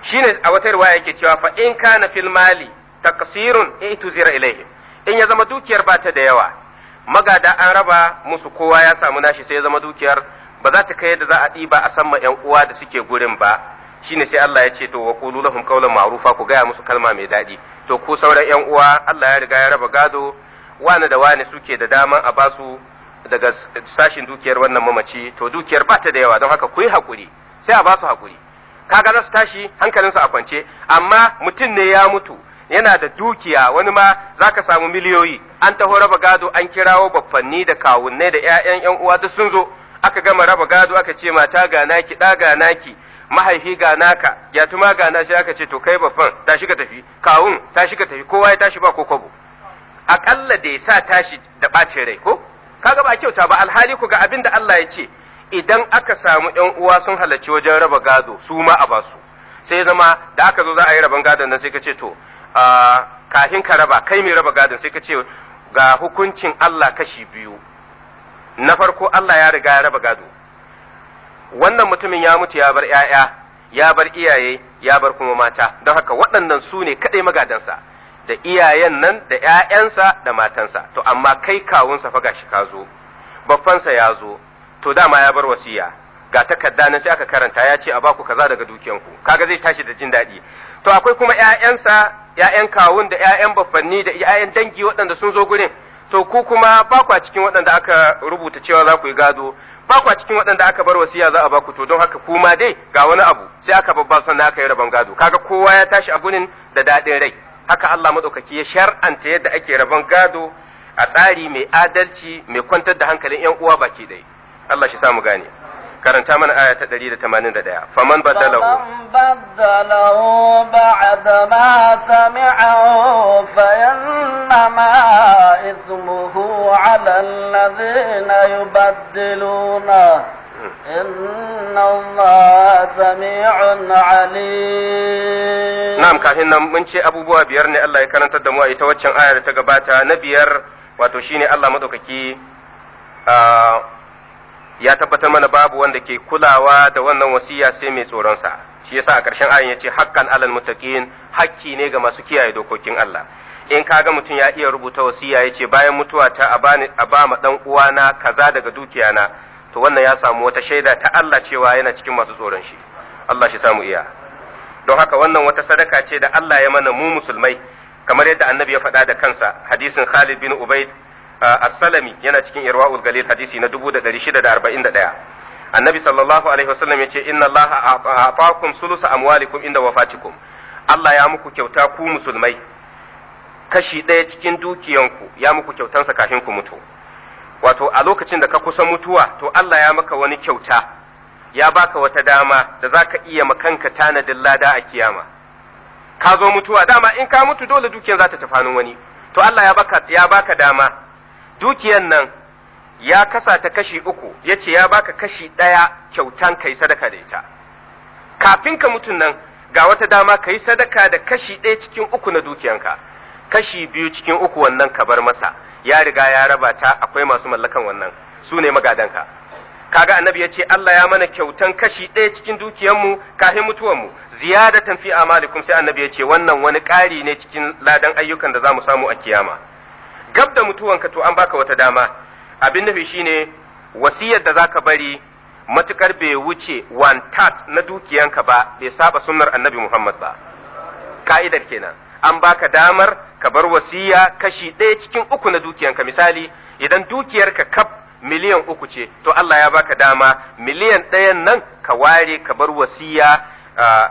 shine a wata riwaya yake cewa fa in kana fil mali taqsirun ituzira ilayhi in ya zama dukiyar ba ta da yawa magada an raba musu kowa ya samu nashi sai ya zama dukiyar ba za ta kai da za a ɗiba a san ma ƴan uwa da suke gurin ba shine sai Allah ya ce to wa qulu lahum qawlan ma'rufa ku gaya musu kalma mai daɗi to ko sauran ƴan uwa Allah ya riga ya raba gado wani da wani suke da dama a ba su daga sashin dukiyar wannan mamaci to dukiyar ba ta da yawa don haka ku yi hakuri sai a ba su hakuri kaga za su tashi hankalinsu a kwance amma mutum ne ya mutu yana da dukiya wani ma zaka samu miliyoyi an taho raba gado an kirawo baffanni da kawunnai da 'ya'yan 'yan uwa duk sun zo aka gama raba gado aka ce mata ga naki ɗa ga naki mahaifi ga naka ya tuma ga na shi aka ce to kai babban tashi ka tafi kawun tashi ka tafi kowa ya tashi ba ko kwabo akalla da ya sa tashi da ɓacin rai ko kaga ba kyauta ba alhali ku ga abin da Allah ya ce idan aka samu ƴan uwa sun halarci wajen raba gado su ma a basu sai zama da aka zo za a yi raban gadon nan sai ka ce to kafin ka raba kai mai raba gado sai ka ce ga hukuncin Allah kashi biyu na farko Allah ya riga ya raba gado wannan mutumin ya mutu ya bar ‘ya'ya ya bar iyaye ya bar kuma mata don haka waɗannan su ne kaɗai magadansa da iyayen nan da ‘ya'yansa da matansa to amma kai kawunsa fa gashi ka zo baffansa ya zo to dama ya bar wasiya ga takarda nan sai aka karanta ya ce a baku kaza daga dukiyanku kaga zai tashi da jin daɗi to akwai kuma ‘ya'yansa ‘ya'yan kawun da ‘ya'yan bafanni, da ‘ya'yan dangi waɗanda sun zo gurin to ku kuma ba ku cikin waɗanda aka rubuta cewa za ku yi gado ba ku cikin waɗanda aka bar wasiya za a ba ku to don haka ku ma dai ga wani abu sai aka babba sannan aka yi rabon gado kaga kowa ya tashi abunin da daɗin rai haka Allah madaukaki ya shar'anta yadda ake rabon gado a tsari mai adalci mai kwantar da hankalin yan uwa baki ɗaya Allah shi sa mu gane karanta mana aya ta 181 faman badalahu faman badalahu ba'da ma sami'ahu fa ma ithmuhu 'ala alladhina yubaddiluna hmm. inna allaha sami'un 'alim na'am kafin nan mun ce abubuwa biyar ne Allah ya karantar da mu a ita waccan ayar ta gabata na biyar wato shine Allah madaukaki ah, ya tabbatar mana babu wanda ke kulawa da wannan wasiya sai mai tsoronsa shi yasa a ƙarshen ayin yace hakkan alal mutaqin hakki ne ga masu kiyaye dokokin Allah in kaga mutum ya iya rubuta wasiya yace bayan mutuwa ta a ba ma dan uwana kaza daga dukiyana to wannan ya samu wata shaida ta Allah cewa yana cikin masu tsoron shi Allah shi samu iya don haka wannan wata sadaka ce da Allah ya mana mu musulmai kamar yadda annabi ya faɗa da kansa hadisin Khalid bin Ubaid as-salami yana cikin irwaul galil hadisi na 1641 annabi sallallahu alaihi wasallam yace inna allaha a'taakum sulusa amwalikum inda wafatikum Allah ya muku kyauta ku musulmai kashi ɗaya cikin dukiyanku ya muku kyautansa kafin ku mutu wato a lokacin da ka kusa mutuwa to Allah ya maka wani kyauta ya baka wata dama da za ka iya makanka tanadin lada a kiyama ka zo mutuwa dama in ka mutu dole dukiyan za ta tafanin wani to Allah ya baka ya baka dama dukiyan nan ya kasa ta kashi uku ya ce ya baka kashi ɗaya kyautan kai sadaka da ita kafin ka mutun nan ga wata dama ka yi sadaka da kashi ɗaya cikin uku na dukiyanka kashi biyu cikin uku wannan ka bar masa ya riga ya raba ta akwai masu mallakan wannan su ne magadanka kaga annabi ya ce Allah ya mana kyautan kashi ɗaya cikin dukiyanmu kafin mutuwanmu ziyadatan fi amalikum sai annabi ya ce wannan wani ƙari ne cikin ladan ayyukan da za mu samu a kiyama gab da mutuwanka to an baka wata dama abin nufi shine wasiyar da zaka bari matukar bai wuce one tat na dukiyanka ba bai saba sunnar annabi Muhammad ba ka'idar kenan an baka damar ka bar wasiya kashi ɗaya cikin uku na dukiyanka misali idan dukiyarka kaf miliyan uku ce to Allah ya baka dama miliyan ɗayan nan ka ware ka bar wasiya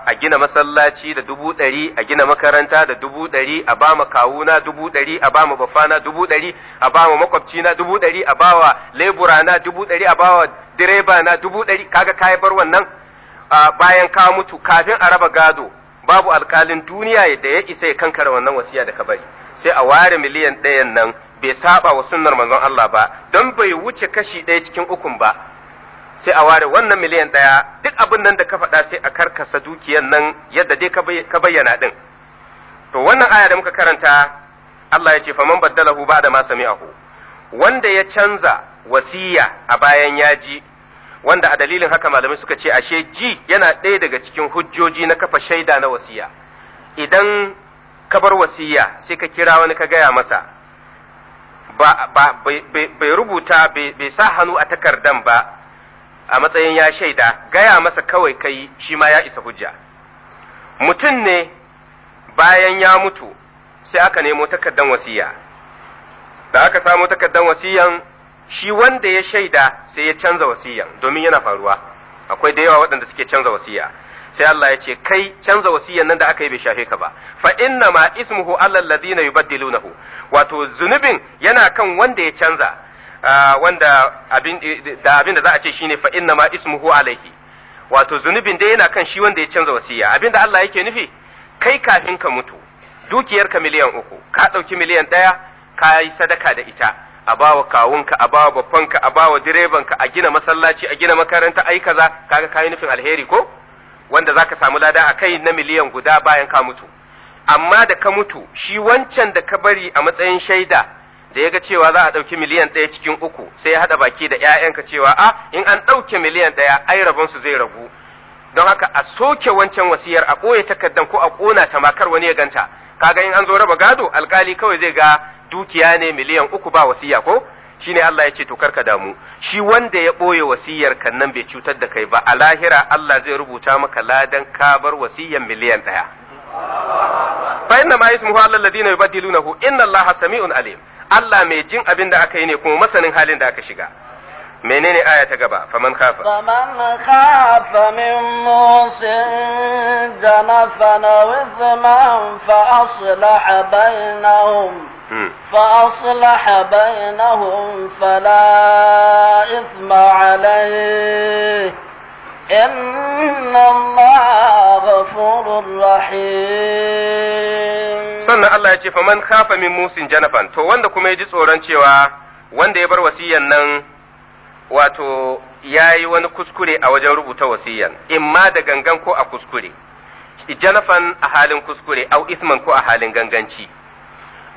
a gina masallaci da dubu ɗari a gina makaranta da dubu ɗari a ba ma kawuna dubu ɗari a ba ma bafana dubu ɗari a ba ma makwabcina dubu ɗari a ba wa lebura na dubu ɗari a ba wa direba na dubu ɗari kaga ka bar wannan bayan ka mutu kafin a raba gado babu alkalin duniya da ya isa ya kankara wannan wasiya da ka bari sai a ware miliyan ɗayan nan bai saba wa sunnar manzon Allah ba don bai wuce kashi ɗaya cikin ukun ba sai a ware wannan miliyan ɗaya duk abin nan da ka faɗa sai a karkasa dukiyan nan yadda dai ka bayyana ɗin to wannan aya da muka karanta Allah ya ce faman baddalahu ba da ma sami'ahu wanda ya canza wasiya a bayan ya ji wanda a dalilin haka malamai suka ce ashe ji yana ɗaya daga cikin hujjoji na kafa shaida na wasiya idan ka bar wasiya sai ka kira wani ka gaya masa ba, bai rubuta bai sa hannu a takardan ba a matsayin ya shaida gaya masa kawai kai shi ma ya isa hujja mutum ne bayan ya mutu sai aka nemo takardan wasiya da aka samo takardan wasiyan shi wanda ya shaida sai ya canza wasiyan domin yana faruwa akwai da yawa waɗanda suke canza wasiya sai Allah ya ce kai canza wasiyan nan da aka yi bai shafe ka ba fa inna ma ismuhu alal ladina yubaddilunahu wato zunubin yana kan wanda ya canza Ah, wanda abin da abin da za a ce shine fa inna ma ismuhu alaihi wato zunubin dai yana kan shi wanda ya canza wasiya abin da Allah yake nufi kai kafin ka mutu dukiyarka miliyan uku ka ɗauki miliyan ɗaya ka yi sadaka da ita a bawa kawunka a bawa babbanka a bawa direbanka a gina masallaci a gina makaranta ai kaza kaga yi nufin alheri ko wanda zaka samu lada a kai na miliyan guda bayan ka mutu amma da ka mutu shi wancan da ka bari a matsayin shaida da ya ga cewa za a ɗauki miliyan ɗaya cikin uku sai ya haɗa baki da ‘ya'yanka cewa a ah, in an ɗauke miliyan ɗaya ai rabonsu zai ragu don haka a soke wancan wasiyar a ɓoye takardan ko a ƙona ta makar wani ya ganta kaga in an zo raba gado alkali kawai zai ga dukiya ne miliyan uku ba wasiya ko shine Allah ya ce to karka damu shi wanda ya ɓoye wasiyar kan nan bai cutar da kai ba a lahira Allah zai rubuta maka ladan ka bar wasiyar miliyan ɗaya fa inna ma ismuhu alal ladina yubaddilunahu inna allaha sami'un alim Allah mai jin abin da aka yi ne kuma masanin halin da aka shiga menene aya ta gaba faman khafa faman khafa min musin janafan sannan Allah ya ce faman khafa min musin janafan to wanda kuma ya ji tsoron cewa wanda ya bar wasiyan nan wato ya yi wani kuskure a wajen rubuta wasiyan imma da gangan ko a kuskure janafan a halin kuskure au isman ko a halin ganganci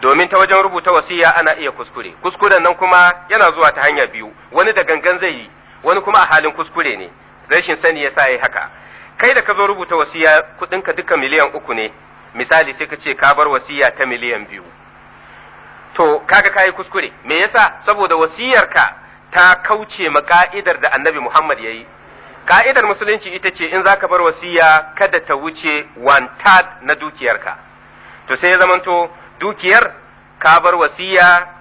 domin ta wajen rubuta wasiya ana iya kuskure kuskuren nan kuma yana zuwa ta hanya biyu wani da gangan zai yi wani kuma a halin kuskure ne rashin sani ya sa ya haka kai da ka zo rubuta wasiya kuɗinka duka miliyan uku ne misali sai ka ce ka bar wasiya ta miliyan biyu to kaga yi kuskure me yasa saboda wasiyarka ta kauce ma ka'idar da annabi Muhammad ya yi ka'idar musulunci ita ce in za ka bar wasiya kada ta wuce wantad na dukiyarka to sai ya zamanto dukiyar ka bar wasiya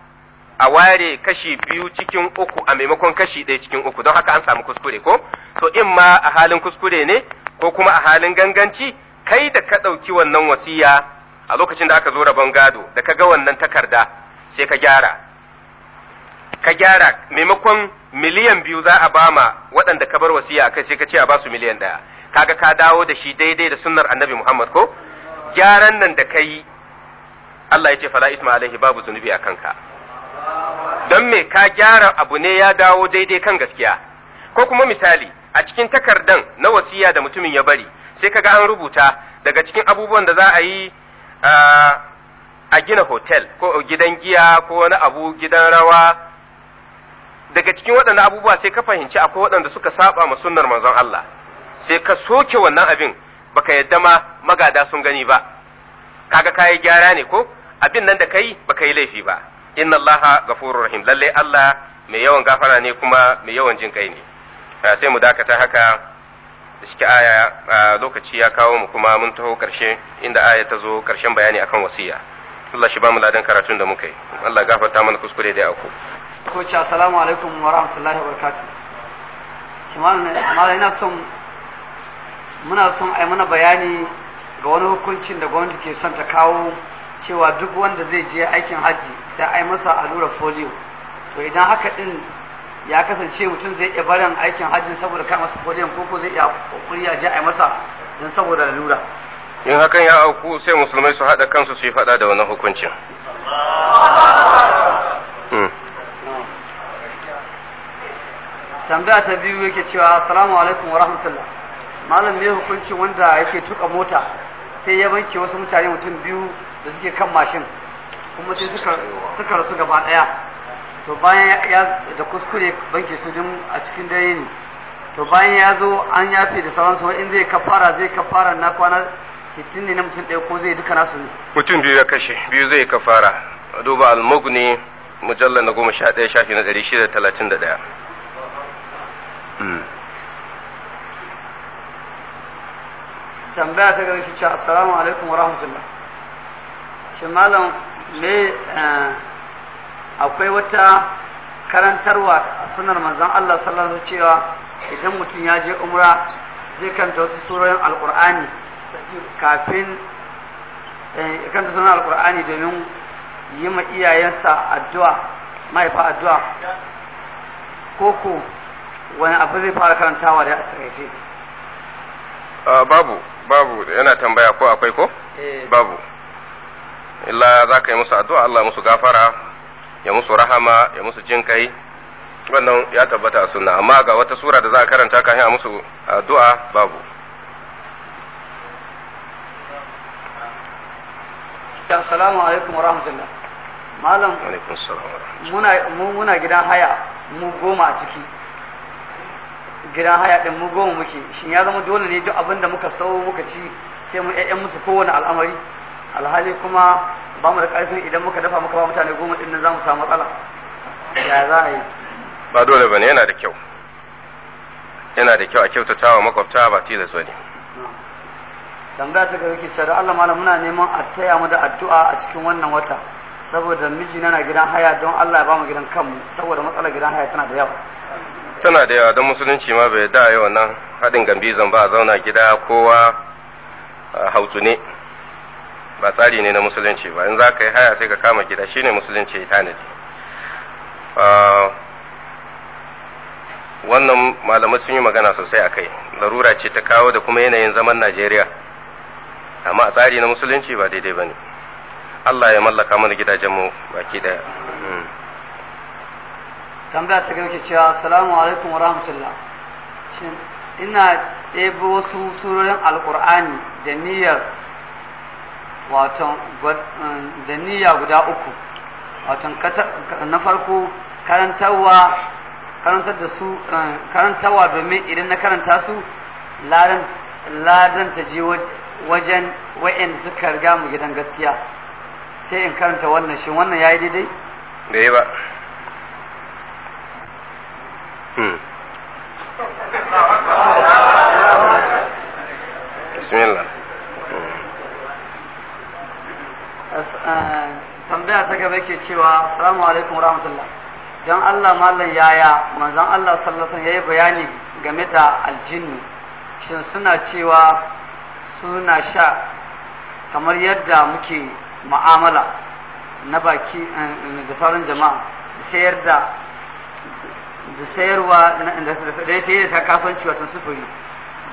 a ware kashi biyu cikin uku a maimakon kashi ɗaya cikin uku don haka an samu kuskure ko to in ma a halin kuskure ne ko kuma a halin ganganci kai da ka ɗauki wannan wasiya a lokacin da aka zo rabon gado da ka ga wannan takarda sai ka gyara ka gyara maimakon miliyan biyu za a bama waɗanda ka bar wasiya kai sai ka ce a basu miliyan ɗaya kaga ka dawo da shi daidai da sunnar annabi muhammad ko gyaran nan da ka yi Allah ya ce fala isma alaihi babu zunubi a kanka don me ka gyara abu ne ya dawo daidai kan gaskiya ko kuma misali a cikin takardan na wasiya da mutumin ya bari sai ka ga an rubuta daga cikin abubuwan da za a yi a gina hotel ko gidan giya ko wani abu gidan rawa daga cikin waɗanda abubuwa sai ka fahimci akwai waɗanda suka saba ma sunnar manzon Allah sai ka soke wannan abin baka yadda ma magada sun gani ba kaga kayi gyara ne ko abin nan da kai baka yi laifi ba inna allaha ghafurur rahim lalle Allah mai yawan gafara ne kuma mai yawan jin kai ne ah, sai mu dakata haka shi aya ah, lokaci ya kawo mu kuma mun taho karshe inda aya ta zo karshen bayani akan wasiya Allah shi ba mu ladan karatun da muka yi Allah gafarta mana kuskure da yako ko ci assalamu alaikum wa rahmatullahi wa barakatuh kimanin ina son muna son ai mana bayani ga wani hukuncin da gwamnati ke son ta kawo cewa duk wanda zai je aikin hajji sai yi masa allurar folio to idan haka din ya kasance mutum zai iya barin aikin hajji saboda kai masa folio ko ko zai iya kokari ya je yi masa don saboda allura in hakan ya auku sai musulmai su haɗa kansu su yi faɗa da wannan hukuncin hmm. tambaya ta biyu yake cewa assalamu alaikum wa rahmatullah malam ne hukuncin wanda yake tuka mota sai ya banke wasu mutane mutum biyu da suke kan mashin kuma sai suka suka rasu gaba daya to bayan ya da kuskure banki su din a cikin dare ne to bayan ya zo an yafe da su in zai kafara zai kafara na kwana sittin ne na mutum ɗaya ko zai duka nasu ne mutum biyu ya kashe biyu zai kafara duba al-mughni na goma sha ɗaya shafi na ɗari shida talatin da ɗaya hmm. tambaya ta gani shi ce assalamu alaikum wa rahmatullah shi malam me eh, akwai wata karantarwa a sunar manzon Allah sallallahu alaihi cewa idan mutum ya je umra zai kanta wasu surorin alqur'ani kafin eh, ya kanta sunan alqur'ani domin yi ma iyayensa addu'a mahaifa addu'a koko wani abu zai fara karantawa da takaice ah, babu babu yana tambaya ko akwai ko eh. babu illa za ka yi musu addu'a Allah musu gafara ya musu rahama ya musu jin kai wannan ya tabbata a amma ga wata sura da za a karanta yi a musu addu'a babu malam muna gidan haya mu goma a ciki gidan haya mu goma muke shin ya zama dole ne duk abin da muka sau muka ci sai mu ƴaƴan musu kowane al'amari alhali kuma ba mu da ƙarfin idan muka dafa muka ba mutane goma ɗin nan za mu samu matsala ya za a yi ba dole ba ne yana da kyau yana da kyau a kyautata wa makwabta ba tilas ba ne tambaya ta gari ke da Allah malam muna neman a taya mu da addu'a a cikin wannan wata saboda miji na gidan haya don Allah ya ba mu gidan kanmu saboda matsalar gidan haya tana da yawa tana da yawa don musulunci ma bai da yawa nan haɗin gambizan ba a zauna gida kowa hautu ne ba tsari ne na musulunci ba in za ka yi haya sai ka kama gida shine musulunci ya tanadi ah, wannan malamai sun yi magana sosai a kai larura ce ta kawo da kuma yanayin zaman najeriya amma a tsari na musulunci ba daidai ba ne allah ya mallaka mana gidajenmu baki daya hmm. tambaya ta gauke cewa assalamu alaikum wa rahmatullah shin ina ɗebo wasu surorin alkur'ani da niyyar wato mm, da niyya guda uku wato na farko karantarwa karantar da su mm, karantarwa domin idan na karanta su ladan ladan ta je wajen wa'in suka riga mu gidan gaskiya sai in karanta wannan shin wannan yayi daidai bai ba hmm bismillah tambaya ta gaba ke cewa assalamu alaikum rahmatullah don Allah mallan yaya manzon Allah sallallahu alaihi yayi bayani game da aljinnu shin suna cewa suna sha kamar yadda muke ma'amala na baki da sauran jama'a sayar da da sayarwa da sayar da kasuwanci wato sufuri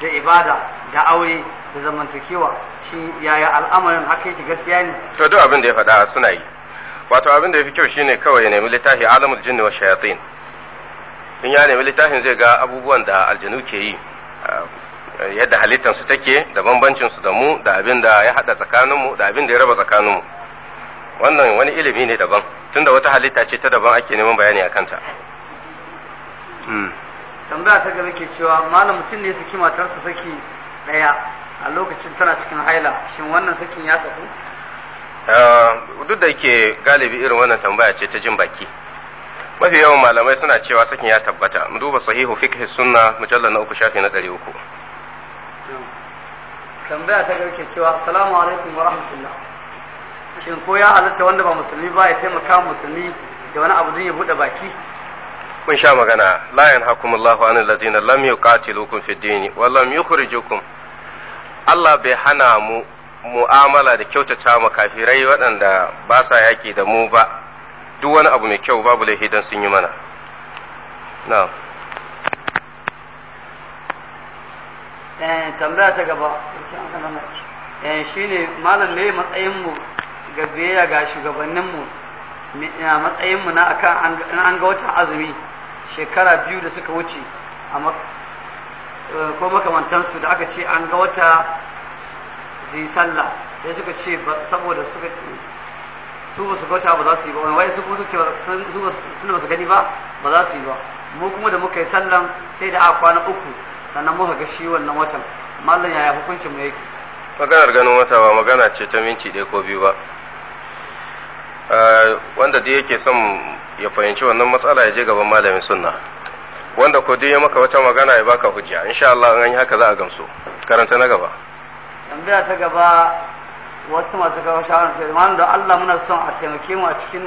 da ibada da aure da zamantakewa shi yaya al'amarin haka yake gaskiya ne to duk abin da ya faɗa suna yi wato abin da ya fi kyau shine kawai ya nemi littafi alamul jinni wa shayatin in ya nemi littafin zai ga abubuwan da aljanu ke yi eh, yadda halittansu take da bambancinsu da mu da abin da ya haɗa tsakaninmu da abin da ya raba tsakaninmu wannan wani ilimi ne daban tunda wata halitta ce ta daban ake neman bayani a kanta hmm. tambaya ta gaba ke cewa malam mutum ne saki matarsa saki daya a lokacin tana cikin haila shin wannan sakin ya saku eh, duk da yake galibi irin wannan tambaya ce ta jin baki mafi yawan malamai suna cewa sakin ya tabbata mu duba sahihu fiqh sunna mujallal na uku shafi na 300 tambaya ta gaba ke cewa assalamu alaikum wa rahmatullah shin ko ya halatta wanda ba musulmi ba ya taimaka musulmi da wani abu ya bude baki mun sha magana la hakumullahu anil ladina lam yuqatilukum fid din wa lam yukhrijukum Allah bai hana mu mu'amala da kyautata ma kafirai waɗanda ba sa yaki da mu ba duk wani abu mai kyau babu laifi dan sun yi mana na eh, tambaya ta gaba eh, malam mu ga biyayya ga shugabanninmu matsayin na akan an ga watan azumi shekara biyu da suka wuce eh, ko makamantansu da aka ce an ga wata su yi sallah sai suka ce saboda suka su ba su ga ba za su yi ba wani wani su kuma suna ba su gani ba ba za su yi ba mu kuma da muka yi sallan sai da a kwana uku sannan muka ga shi wannan watan mallan yaya hukuncin mu yake maganar ganin wata ba magana ce ta minti ɗaya ko biyu ba wanda da yake son ya fahimci wannan matsala ya je gaban malamin sunna wanda ko duk ya maka wata magana ya baka hujja insha Allah an yi haka za a gamsu karanta na gaba tambaya ta gaba wasu masu kawo shawarar sai malam da Allah muna son a taimake mu a cikin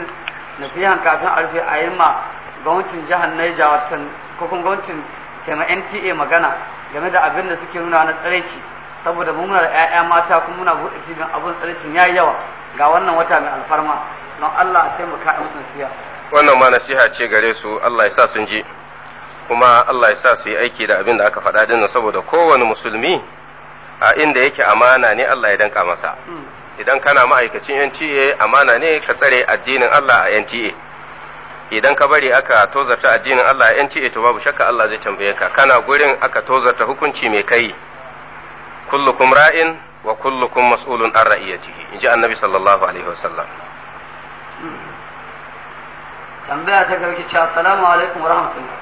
nasihan kafin a rufe a yamma gwamnatin jihar Niger watan ko kuma gwamnatin tema NTA magana game da abin da suke nuna na tsareci saboda mu muna da 'ya'ya mata kuma muna buɗe cikin abin tsarecin yayi yawa ga wannan wata mai alfarma don Allah a taimaka a mutum siya wannan ma nasiha ce gare su Allah ya sa sun ji kuma Allah ya sa su yi aiki da abin da aka faɗa dinnan saboda kowane musulmi a inda yake amana ne Allah ya danka masa hmm. idan kana ma'aikacin NTA amana ne ka tsare addinin Allah a NTA idan ka bari aka tozarta addinin Allah a NTA to babu shakka Allah zai tambaye ka kana gurin aka tozarta hukunci mai kai kullukum ra'in wa kullukum mas'ulun an ra'iyatihi inji annabi sallallahu alaihi wasallam tambaya ta garki cewa assalamu alaikum wa rahmatullah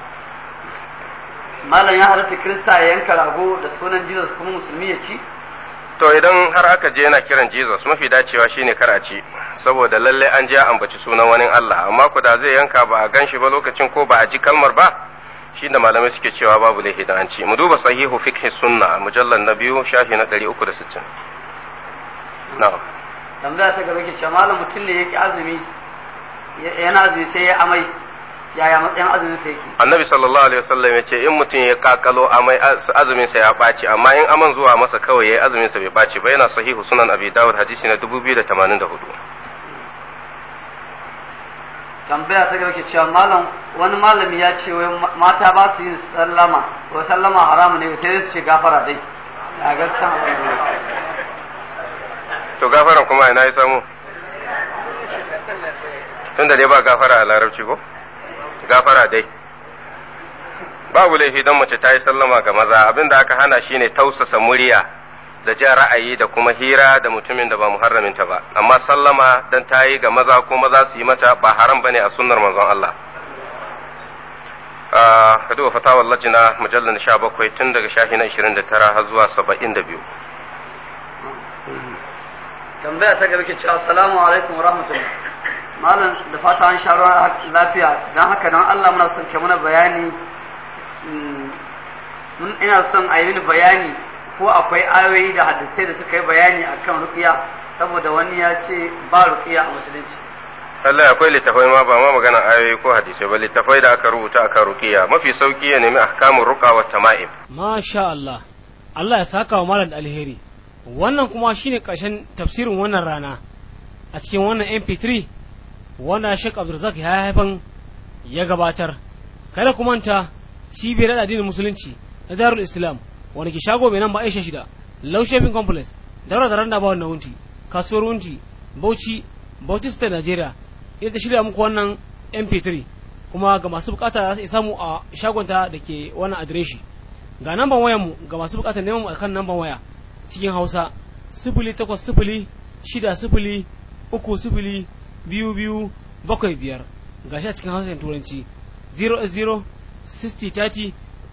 malam ya halatta kirista ya yanka rago da sunan jesus kuma musulmi ya ci to idan har aka je yana kiran jesus mafi dacewa shine kar a ci saboda lalle an je ambaci sunan wani allah amma ku da zai yanka ba a gan shi ba lokacin ko ba a ji kalmar ba shi da malamai suke cewa babu laifi da an mu duba sahihu fiqh sunna mujallal na biyu shafi na 360 na'am tambaya ta gaba ke cewa malam mutum ne yake azumi yana azumi sai ya amai yaya matsayin azumin sa yake annabi sallallahu alaihi wasallam ya ce in mutum ya kakalo amai azumin sa ya baci amma in aman zuwa masa kawai yayi azumin sa bai baci ba yana sahihu sunan abi dawud hadisi na 2084 tambaya ta gaba ke cewa malam wani malami ya ce wai mata ba su yin sallama ko sallama haramu ne sai su ce gafara dai a gaskiya to gafara kuma ina ya samu tun da dai ba gafara a larabci ko gafara dai babu laifi don mace ta yi sallama ga maza abinda aka hana shine tausasa murya da jan ra'ayi da kuma hira da mutumin da ba muharraminta ba amma sallama dan ta yi ga maza ko maza su yi mata ba haram bane a sunnar manzon Allah ah, ka duba fatawar lajina mujallar 17 tun daga shahi na 29 har zuwa 72 tambaya ta gaba ke cewa assalamu alaikum wa malam da fata an sha lafiya don haka don Allah muna son ke muna bayani mm, ina son a yi bayani ko akwai ayoyi da hadisai da suka yi bayani akan rukiya saboda wani ya ce ba rukiya a musulunci Allah akwai littafai ma ba ma magana ayoyi ko hadisai ba littafai da aka rubuta akan rukiya mafi sauki ya nemi ahkamun ruka wa tama'im masha Allah Allah ya saka wa malam alheri wannan kuma shine karshen tafsirin wannan rana a cikin wannan MP3 wanda Sheikh Abdulrazak ya haifan ya gabatar kada ku manta cibiyar addinin musulunci na Darul Islam wani ki shago mai nan ba aisha shida low shopping complex daura da randa ba wannan wunti kasuwar wunti bauchi bauchi state nigeria ita ta shirya muku wannan mp3 kuma ga masu bukata za su samu a shagonta da ke wannan adireshi ga namban wayanmu ga masu bukata neman a kan namban waya cikin hausa sifili takwas sifili shida sifili uku sifili biyu biyu bakwai biyar ga shi a cikin hausa turanci 0 0